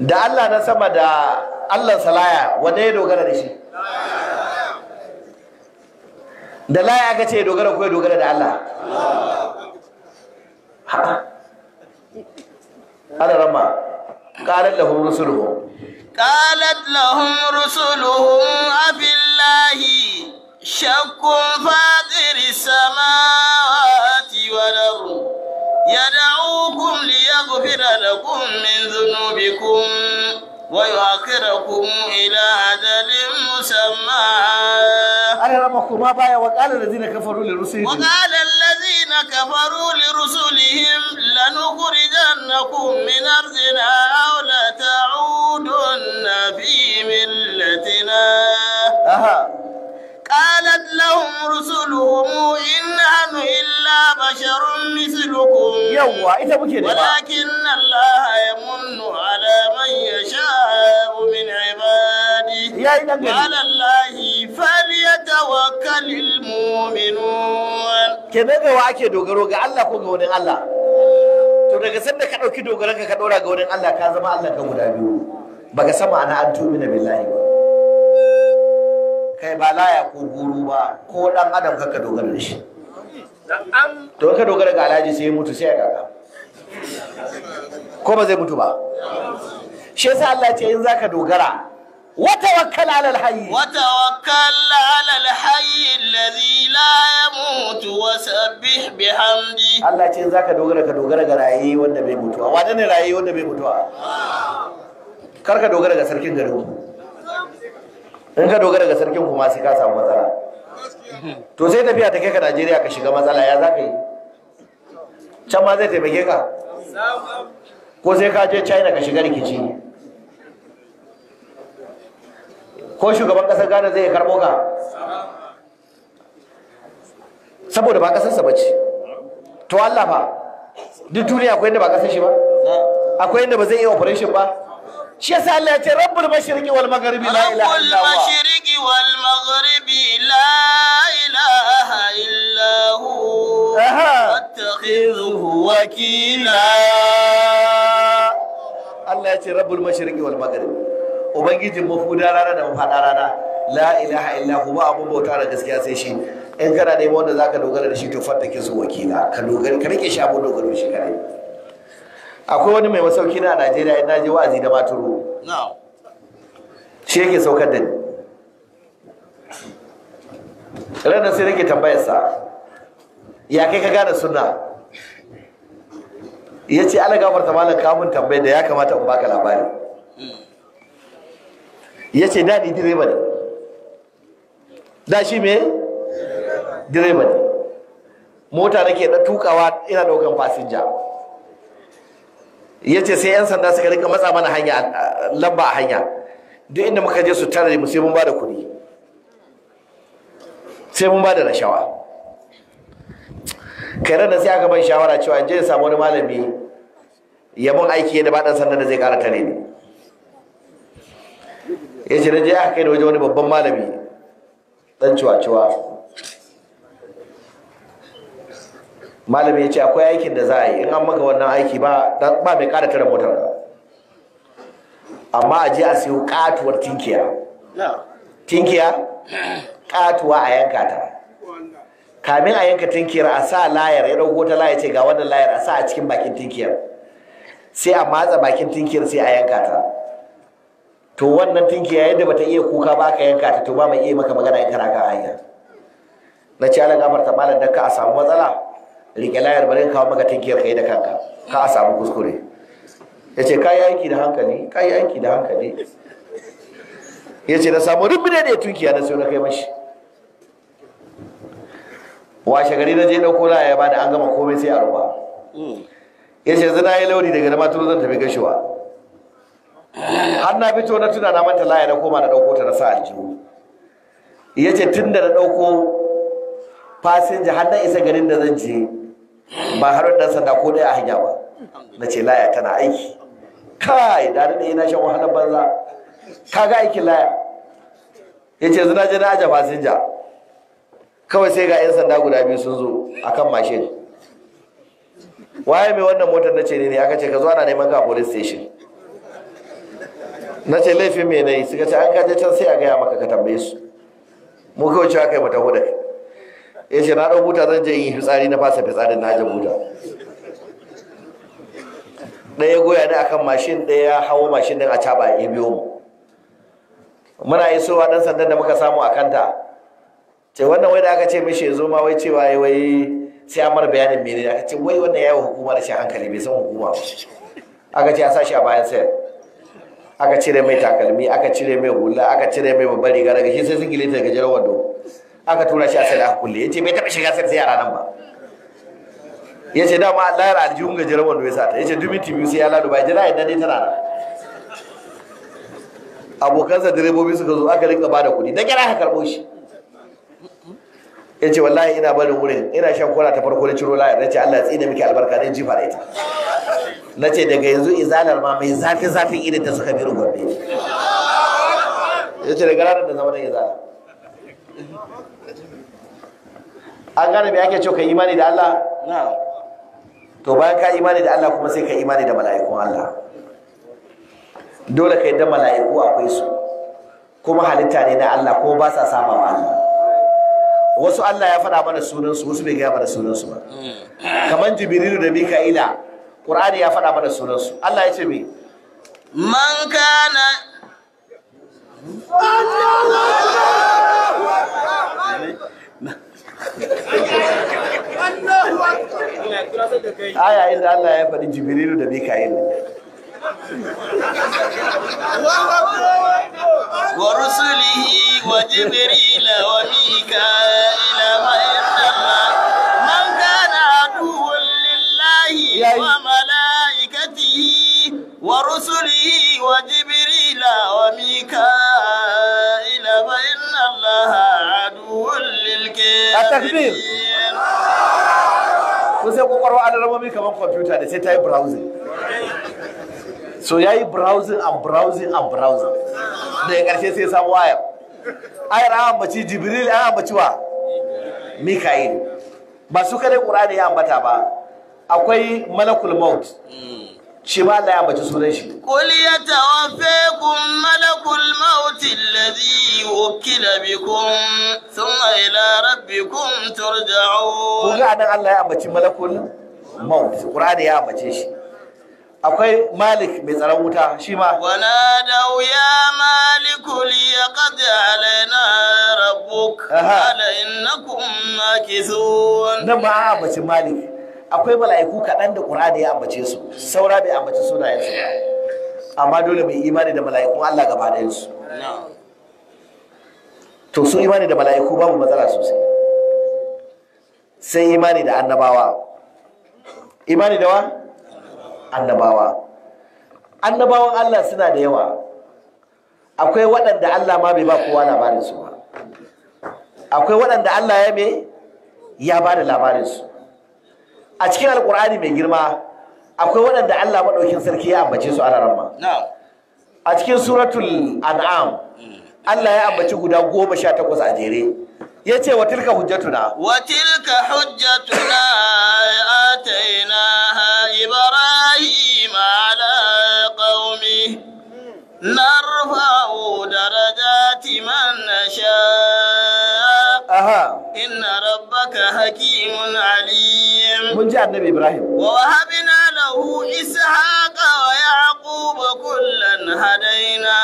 da allah na sama da allah salaya wanda ya dogara da shi da laya aka ce ya dogara ko ya dogara da allah ana rama qalat lahum rusuluhum qalat lahum rusuluhum abillahi shakkun fadiri samawati wal ardi yad'ukum liyaghfira lakum min dhunubikum ويؤخركم إلى أجل مسمى أنا بايا وقال الذين كفروا لرسلهم وقال الذين كفروا لرسلهم لنخرجنكم من أرضنا أو لتعودن في ملتنا أها قالت لهم رسلهم إن نحن إلا بشر مثلكم ولكن الله يمن على من يشاء من عباده وعلى الله فليتوكل المؤمنون كذلك وعكي دوغرو الله كون الله to daga sanda ka dauki dogaranka ka ɗora ga wurin Allah ka zama Allah ka guda biyu baka sama ana an tumina billahi ba kai ba laya ko guru ba ko dan adam kaka dogara da shi to kaka dogara ga alhaji sai ya mutu sai ya gaga ko ba zai mutu ba shi yasa Allah ce in zaka dogara alhayy wa tawakkal ala alhayy alladhi la yamut wa sabbih bihamdi. Allah ce zaka dogara ka dogara ga rayi wanda bai mutuwa wa ne rayi wanda bai mutuwa kar ka dogara ga sarkin garin in ka dogara ga sarkin kuma sai ka samu matsala to sai tafiya ta kai ka Najeriya ka shiga matsala ya za ka yi can ma zai taimake ka ko sai ka je China ka shiga rikici ko shugaban kasar Ghana zai karɓo ka saboda ba kasarsa bace to Allah fa duk duniya akwai inda ba kasar shi ba akwai inda ba zai yi operation ba shi yasa Allah ya ce rabbul mashriqi wal maghribi la ilaha illa huwa rabbul mashriqi wal maghribi la ilaha illa huwa fattakhidhuhu wakila Allah ya ce rabbul mashriqi wal maghribi ubangijin mafuda rana da mafada rana la ilaha illa huwa abun bauta da gaskiya sai shi in kana neman wanda zaka dogara da shi to su wakila ka dogara ka rike shi abun dogaro shi kare akwai wani mai masauki na Najeriya ya je wa'azi da maturu shi yake saukar da ni ranar sai nake tambayarsa ya kai ka gane suna ya ce ala gafar ta malam kamun tambayar da ya kamata in baka labari ya ce da ni direba ne da shi me direba ne mota nake da tukawa ina daukan fasinja ya ce sai 'yan sanda suka rika matsa mana hanya lamba a hanya duk inda muka je su tare mu sai mun ba da kuɗi sai mun ba da rashawa kai da sai aka ban shawara cewa in je ya samu wani malami ya mun aiki yadda ba sanda da zai ƙara tare ni ya ce na je aka kai da waje wani babban malami dan ciwa-ciwa malami ya ce akwai aikin da za a yi in an maka wannan aiki ba ba mai kada tare motar amma a je a siyo katuwar tinkiya tinkiya katuwa a yanka ta kamin a yanka tinkiyar a sa layar ya dauko ta layar ce ga wannan layar a sa a cikin bakin tinkiyar sai a matsa bakin tinkiyar sai a yanka ta to wannan tinkiya yadda bata iya kuka ba ka yanka ta to ba mai iya maka magana in kana kan hanya na ce ala ta malam da ka a samu matsala rike layar bari kawo maka tinkiyar kai da kanka ka a samu kuskure ya ce kayi aiki da hankali kayi aiki da hankali ya ce na samu rubina ne tunkiya na sai na kai mashi washe gari na je ɗauko na ya bada an gama komai sai a ruwa ya ce zina yi launi daga nama turu zan tafi gashuwa har na fito na tuna na manta laya na koma na ɗauko ta na sa aljihu ya ce tun da na ɗauko fasinja har na isa garin da zan je ba har dan sanda ko dai a hanya ba na ce laya tana aiki kai da da ina shan wahalar banza kaga aikin laya ya ce zina je na aja fasinja kawai sai ga 'yan sanda guda biyu sun zo akan mashin waye mai wannan motar na ce ne aka ce ka zo ana neman ka police station na ce laifin me ne suka ce an kaje can sai a gaya maka ka tambaye su mu kawai cewa kai mu taho da ya ce na ɗau buta zan je yi fitsari na fasa fitsarin na ji buta ɗaya goya ne akan mashin ɗaya hawo mashin ɗin a caba ya biyo mu muna isowa ɗan sandan da muka samu a kanta ce wannan wai da aka ce mishi ya zo ma wai cewa ya wai sai an mara bayanin mene aka ce wai wannan yawo hukuma da shi hankali bai san hukuma aka ce a sa shi a bayan sayar aka cire mai takalmi aka cire mai hula aka cire mai babbar riga daga shi sai gilita daga jirar wando aka tura shi a sai aka kulle yace bai taba shiga sai sai yara nan ba yace dama Allah ya aljihun ga jarabar da ya sata yace dubi tv sai ya ladu bai jira idan dai tana abokan abokansa direbobi suka zo aka rinka bada kuɗi da kira aka karɓo shi yace wallahi ina barin wurin ina shan kola ta farko da ciro layar nace Allah ya tsine miki albarka dan jifa da ita nace daga yanzu izalar ma mai zafi zafi irin ta suka bi rubar ce daga ranar da zama da izala an gane me ake cewa ka imani da Allah to bayan ka imani da Allah kuma sai ka imani da mala'ikun Allah dole ka yi da mala'iku akwai su kuma halitta ne na Allah ko ba sa saba wa Allah wasu Allah ya faɗa mana sunansu wasu bai gaya mana sunansu ba kamar jibrilu da mika'ila ƙura'ani ya faɗa mana sunansu Allah ya ce me man kana aya inda Allah ya faɗi jibrilu da mika'il wa rusulihi wa jibrila wa mika'ila wa inna man kana aduwwan lillahi wa malaikatihi wa rusulihi wa وميكائيل فإن الله عدو للكافرين sai kwakwaro alarmomi kamar kwamfuta da sai ta yi browsing so ya yi browsing and browsing and browsing da ya karshe sai samu wayar ayar an ambaci jibril an ambaci wa mika'il ba su kare ƙura ya ambata ba akwai malakul maut shi ma Allah ya bace sunan shi qul yatawaffakum malakul Mauti, alladhi wukila bikum thumma ila rabbikum turja'un kun ga nan Allah ya bace malakul mauti, qur'ani ya bace shi akwai malik mai tsaron wuta shi ma wana da ya maliku li ya qadi alaina rabbuk ala innakum makithun nan ma a bace malik akwai mala'iku kaɗan da ƙura da ya ambace su saura bai ambace sunayensu ba amma dole mai imani da mala'iku Allah gaba ɗayansu to su imani da mala'iku babu matsala sosai sai imani da annabawa imani da wa annabawa annabawan Allah suna da yawa akwai waɗanda Allah ma bai ba kowa labarinsu ba akwai waɗanda Allah ya me ya ba da labarinsu a cikin alkur'ani mai girma akwai waɗanda Allah maɗaukin sarki ya ambace su ana ramma a cikin suratul an'am mm. Allah ya ambaci guda goma sha takwas a jere ya ce wa tilka hujjatuna wa tilka hujjatuna ataina ibrahim ala qaumi narfa'u darajati man nasha inna rabbaka hakimun alim mun ji annabi ibrahim wa wahabna lahu ishaqa wa yaquba kullan hadaina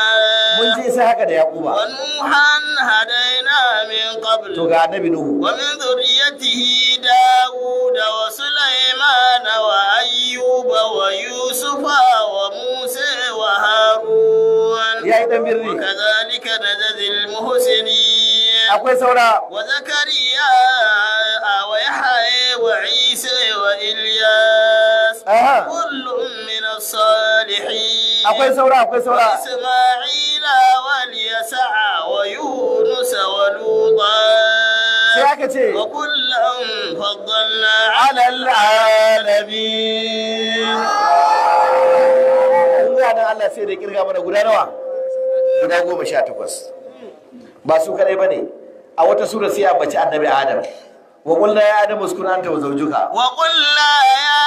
mun ji ishaqa da yaquba wa nuhan hadaina min qabl to ga annabi nuhu wa min dhurriyyatihi dauda wa Sulaiman wa Ayyub wa yusufa wa musa wa harun ya yi dan birni kadhalika najzil muhsinin akwai saura وزكريا ويحيى وعيسى وإلياس كل من الصالحين أقوي سورة أقوي سورة إسماعيل واليسع ويونس ولوطا وكلهم فضلنا على العالمين Allah sai da kirga mana guda nawa guda goma sha takwas ba su kadai ba ne a wata sura sai a bace annabi adam wa qulna ya adam uskun anta wa zawjuka wa qulna ya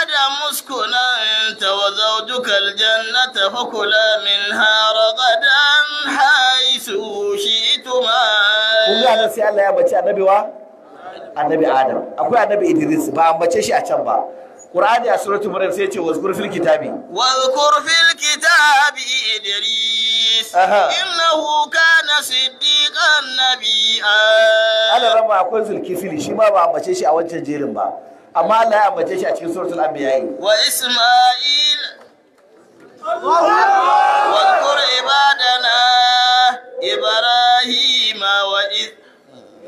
adam uskun anta wa zawjuka aljannata fa kula minha ragadan haythu shi'tuma kullum nan sai Allah ya bace annabi wa annabi adam akwai annabi idris ba an bace shi a can ba Qur'ani a suratul Maryam sai ce wazkur fil kitabi wazkur fil kitabi idris innahu kana siddiq kan nabi ah. ana rama akwai zulkifili shi ma ba a mace shi a wancan jerin ba amma Allah ya mace shi a cikin suratul anbiya wa isma'il wa ibadana ibrahim wa iz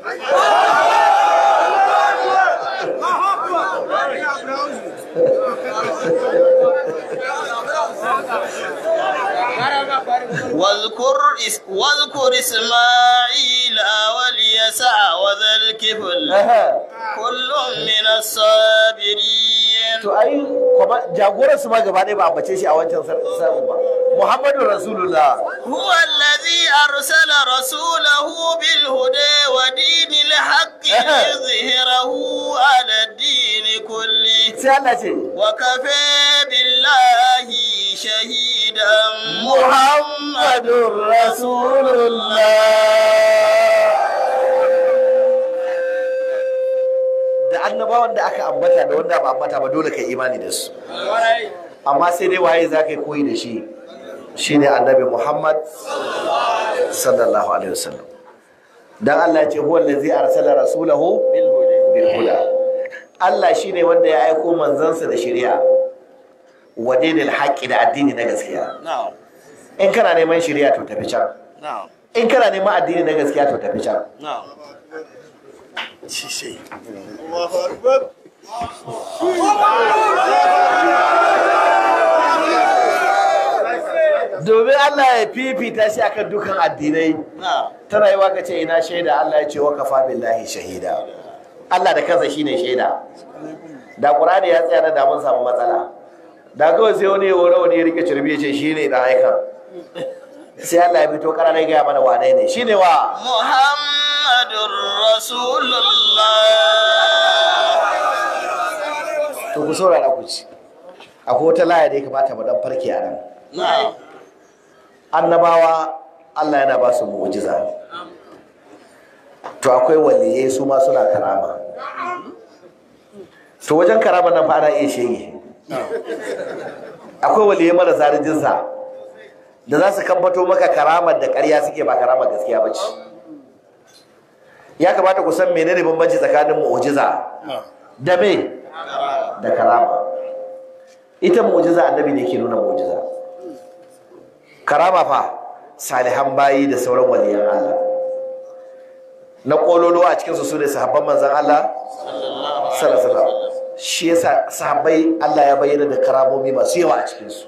واذكر واذكر إسماعيل واليسع وذا الكفل كل من الصابرين to ai kuma jagoran su ma gaba ɗaya ba a bace shi a wancan sarkin ba Muhammadu Rasulullah huwa allazi arsala rasulahu bil huda wa dinil haqqi yuzhirahu ala din kulli wa kafa billahi shahidan محمد رسول الله da annabawan da aka ambata da wanda ba ambata ba dole ka imani da su amma sai dai waye za ka yi koyi da shi shine annabi muhammad sallallahu alaihi wasallam dan allah ya ce huwa allazi arsala rasulahu bil huda allah shine wanda ya aiko manzansa da shari'a wa dinil haqqi da addini na gaskiya in kana neman shirya to tafi can in kana neman addini na gaskiya to tafi can domin Allah ya fifita shi akan dukan addinai ta rayuwa ka ce ina shaida Allah ya ce wa kafa billahi shahida Allah da kansa shine shaida da Qur'ani ya tsaya da damun samu matsala da kawai sai wani ya wani ya rike shirbi ya ce shine da aikan sai Allah ya fito karara ya mana wane ne shine wa Muhammadur Rasulullah to ku saurara ku ci akwai wata laya da ya kamata mu dan farke a nan annabawa Allah yana ba su mu'jiza to akwai waliyai su ma suna karama to wajen karama nan fara iya shege akwai waliyai zarin jinsa. da za su kambato maka karamar da ƙarya suke ba karamar gaskiya ba ce ya kamata ku san menene bambanci tsakanin mu'jiza da me da karama ita mu'jiza annabi ne ke nuna mu'jiza karama fa salihan bayi da sauran waliyan Allah na kololo a cikin su ne sahabban manzon Allah sallallahu alaihi wasallam shi yasa sahabbai Allah ya bayyana da karamomi masu yawa a cikin su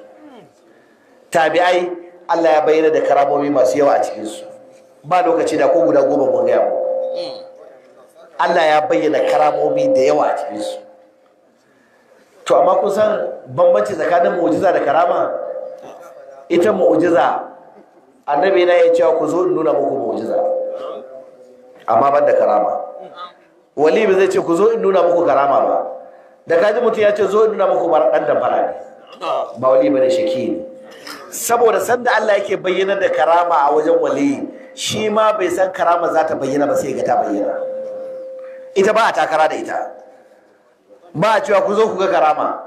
tabi'ai Allah ya bayyana da karamomi masu yawa a cikinsu ba lokaci da ko guda goma mun gaya Allah ya bayyana karamomi da yawa a cikinsu to amma kun san bambanci tsakanin mu'jiza da karama ita mu'jiza annabi na ya cewa ku zo in nuna muku mu'jiza amma ban da karama wali ba zai ce ku zo in nuna muku karama ba da kaji mutum ya ce zo in nuna muku dan da fara ne ba wali ba ne shaki ne saboda sanda Allah yake bayyana da karama a wajen wali shi ma bai san karama za ta bayyana ba sai ga ta bayyana ita ba a takara da ita ba a cewa ku zo ku ga karama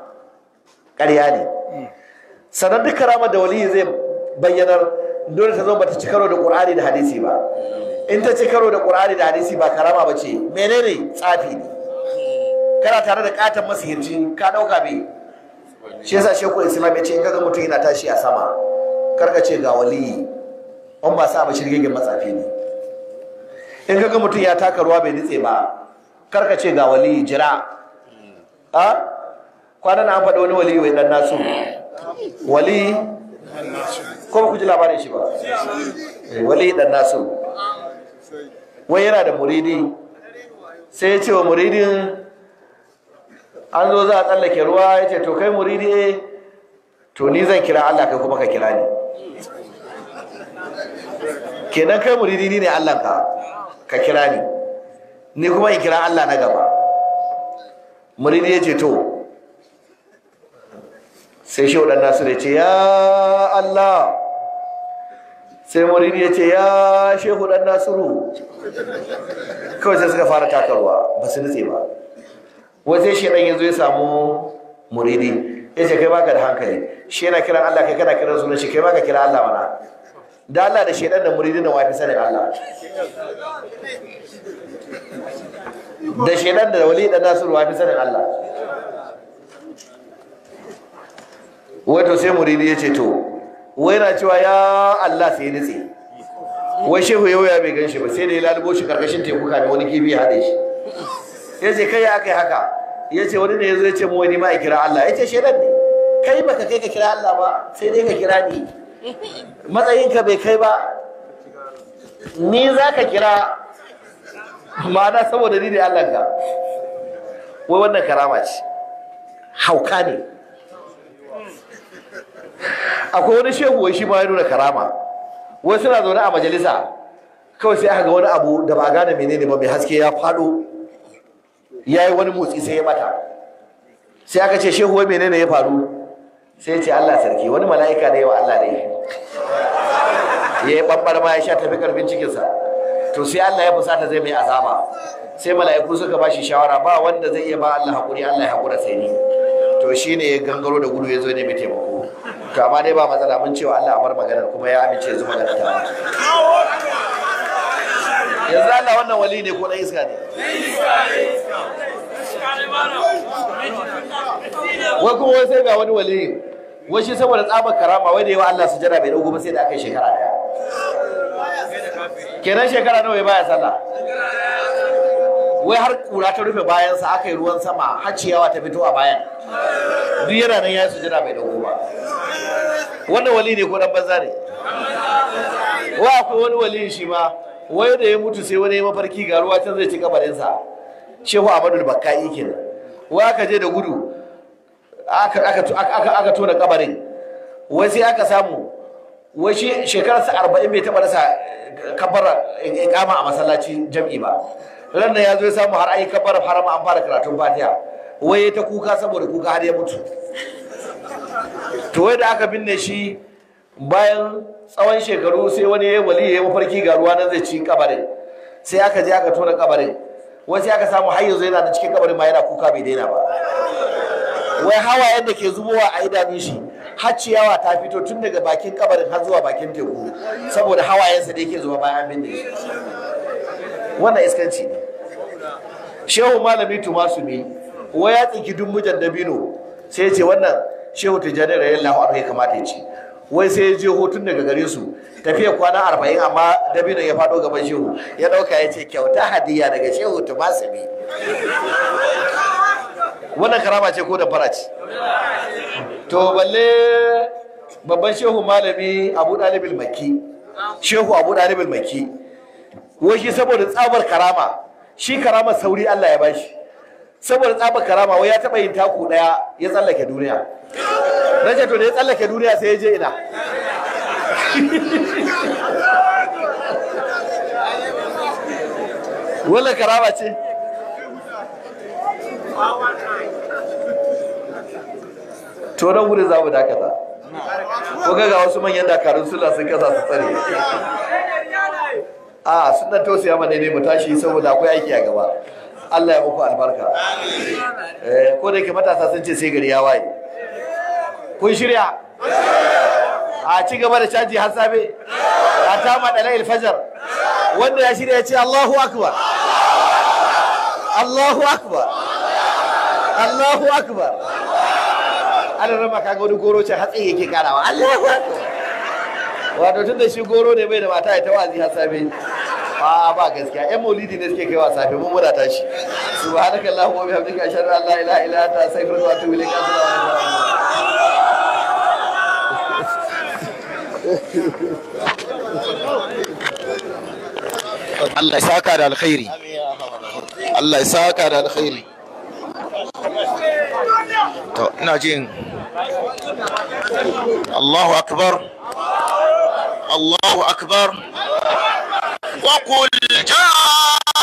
ƙarya ne sanar duk karama da wali zai bayyanar dole ta zo ba ta ci karo da ƙur'ani da hadisi ba in ta ci karo da ƙur'ani da hadisi ba karama ba ce menene tsafi ne kana tare da katon masihirci ka ɗauka bai shi yasa sheku islam ya ce in kaga mutum yana tashi a sama karka ce ga waliyi on ba sa ba shirgegen matsafi ne in kaga mutum ya taka ruwa bai nitse ba karka ce ga waliyi jira a kwanan an faɗi wani waliyi wai dan nasu waliyi ko ku ji labarin shi ba eh, waliyi dan nasu wai yana da muridi sai ya ce wa muridin an zo za a tsallake ruwa ya ce to kai muridi eh. to ni zan kira Allah kai kuma ka kira ni kenan kai muridi ni ne Allah ka ka kira ni ni kuma in kira Allah na gaba muridi ya ce to sai shi waɗanda su da ce ya Allah sai muridi ya ce ya shehu ɗan nasiru kawai sai suka fara takarwa ba su nutse ba wai sai ɗan ya zo ya samu muridi ya ce kai ka da hankali shi yana kiran Allah kai kana kiran sunan shi kai ka kira Allah mana da Allah da ɗan da muridi da wafi sanin Allah da ɗan da wali da nasu wafi sanin Allah wato sai muridi ya ce to wai na cewa ya Allah sai nitse wai shehu yau ya bai gan shi ba sai da ya lalubo shi karkashin teku kafin wani kifi ya haɗe shi ya ce kai ya kai haka ya ce wani ne ya zo ya ce mu wani ma a kira Allah ya ce shaidan ne kai ba ka kai ka kira Allah ba sai dai ka kira ni matsayinka bai kai ba ni za ka kira ma'ana saboda ni ne Allah ka wai wannan karama ce hauka ne akwai wani shehu wai shi ma ya nuna karama wai suna zaune a majalisa kawai sai aka ga wani abu da ba gane menene ba mai haske ya faɗo ya yi wani motsi sai ya mata. sai aka ce shehu wai menene ya faru sai ce Allah sarki wani mala'ika ne wa Allah ne ya yi babbar ma ya sha tafi karfin cikinsa to sai Allah ya fusata zai mai azaba sai mala'iku suka ba shi shawara ba wanda zai iya ba Allah hakuri Allah ya hakura sai ni to shine ya gangaro da gudu ya zo ne mai taimako to amma dai ba matsala mun cewa Allah a bar maganar kuma ya amince zuma da ta yanzu Allah wannan wali ne ko ɗan iska ne wai kuma wai sai ga wani wali wai shi saboda tsabar karama wai da yawa Allah su jira bai dogo ba sai da aka yi shekara daya kenan shekara nawa ya baya sallah wai har kura ta rufe bayansa aka yi ruwan sama har ciyawa ta fito a bayan duk yana nan ya yi jira bai dogo ba wannan wali ne ko dan banza ne wa akwai wani wali shi ma wai da ya mutu sai wani mafarki ga ruwa can zai ci kabarinsa shehu abadul bakka'i kenan wai aka je da gudu aka tona kabarin wai sai aka samu wai shekararsa arba'in bai taɓa rasa kabbar ikama a masallacin jam'i ba ran ya zo ya samu har ayi kabar harama an fara karatun fatiha wai ta kuka saboda kuka har ya mutu to wai da aka binne shi bayan tsawon shekaru sai wani ya wali ya mafarki ga ruwa nan zai ci kabare sai aka je aka tona kabarin wasu sai aka samu har yanzu yana da cikin kabarin ma yana kuka bai daina ba wai hawayen da ke zubowa a idanun shi har ciyawa ta fito tun daga bakin kabarin har zuwa bakin teku saboda hawayensa da yake zuwa bayan da shi wannan iskanci ne shehu malami tumasu ne wai ya tsinki dun mujan dabino sai ya ce wannan shehu tijjani rayu anhu ya kamata ya ce wai sai ya je hotun daga gare su tafiya kwana arba'in amma dabino ya faɗo gaban shehu ya ɗauka ya ce kyauta hadiya daga shehu bi wannan karama ce ko da fara ce to balle babban shehu malami abu ɗalibin maki shehu abu ɗalibin maki wai shi saboda tsabar karama shi karama sauri allah ya bashi saboda tsaba karama wai ya taba yin taku daya ya tsallake duniya na ce to ne ya tsallake duniya sai ya je ina wala karama ce to nan gudu za mu dakata ko ga wasu manyan dakarun suna sun kasa su tsare a sunan tausaya mana ne mu tashi saboda akwai aiki a gaba Allah ya muku albarka eh, ko da yake matasa sun ce sai gari ya waye kun shirya a ci gaba da caji har safe a tama ɗala ilfajar wanda ya shirya ya ce Allahu akbar Allahu akbar Allahu akbar Allah rama ga wani goro ce hatsi yake karawa Allahu akbar wato tun da shi goro ne bai da mata ya ta wazi har safe a ba gaskiya yan maulidi ne suke kaiwa safe mun muna tashi subhanakallahu wa bihamdika ashhadu an la ilaha illa anta astaghfiruka wa atubu ilaik assalamu alaikum Allah ya saka da alkhairi Allah ya saka da alkhairi to ina jin Allahu akbar Allahu akbar وقل جاء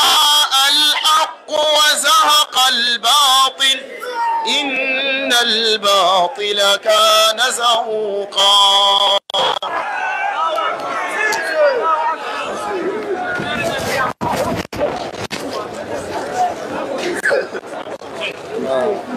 الحق وزهق الباطل إن الباطل كان زهوقا Oh.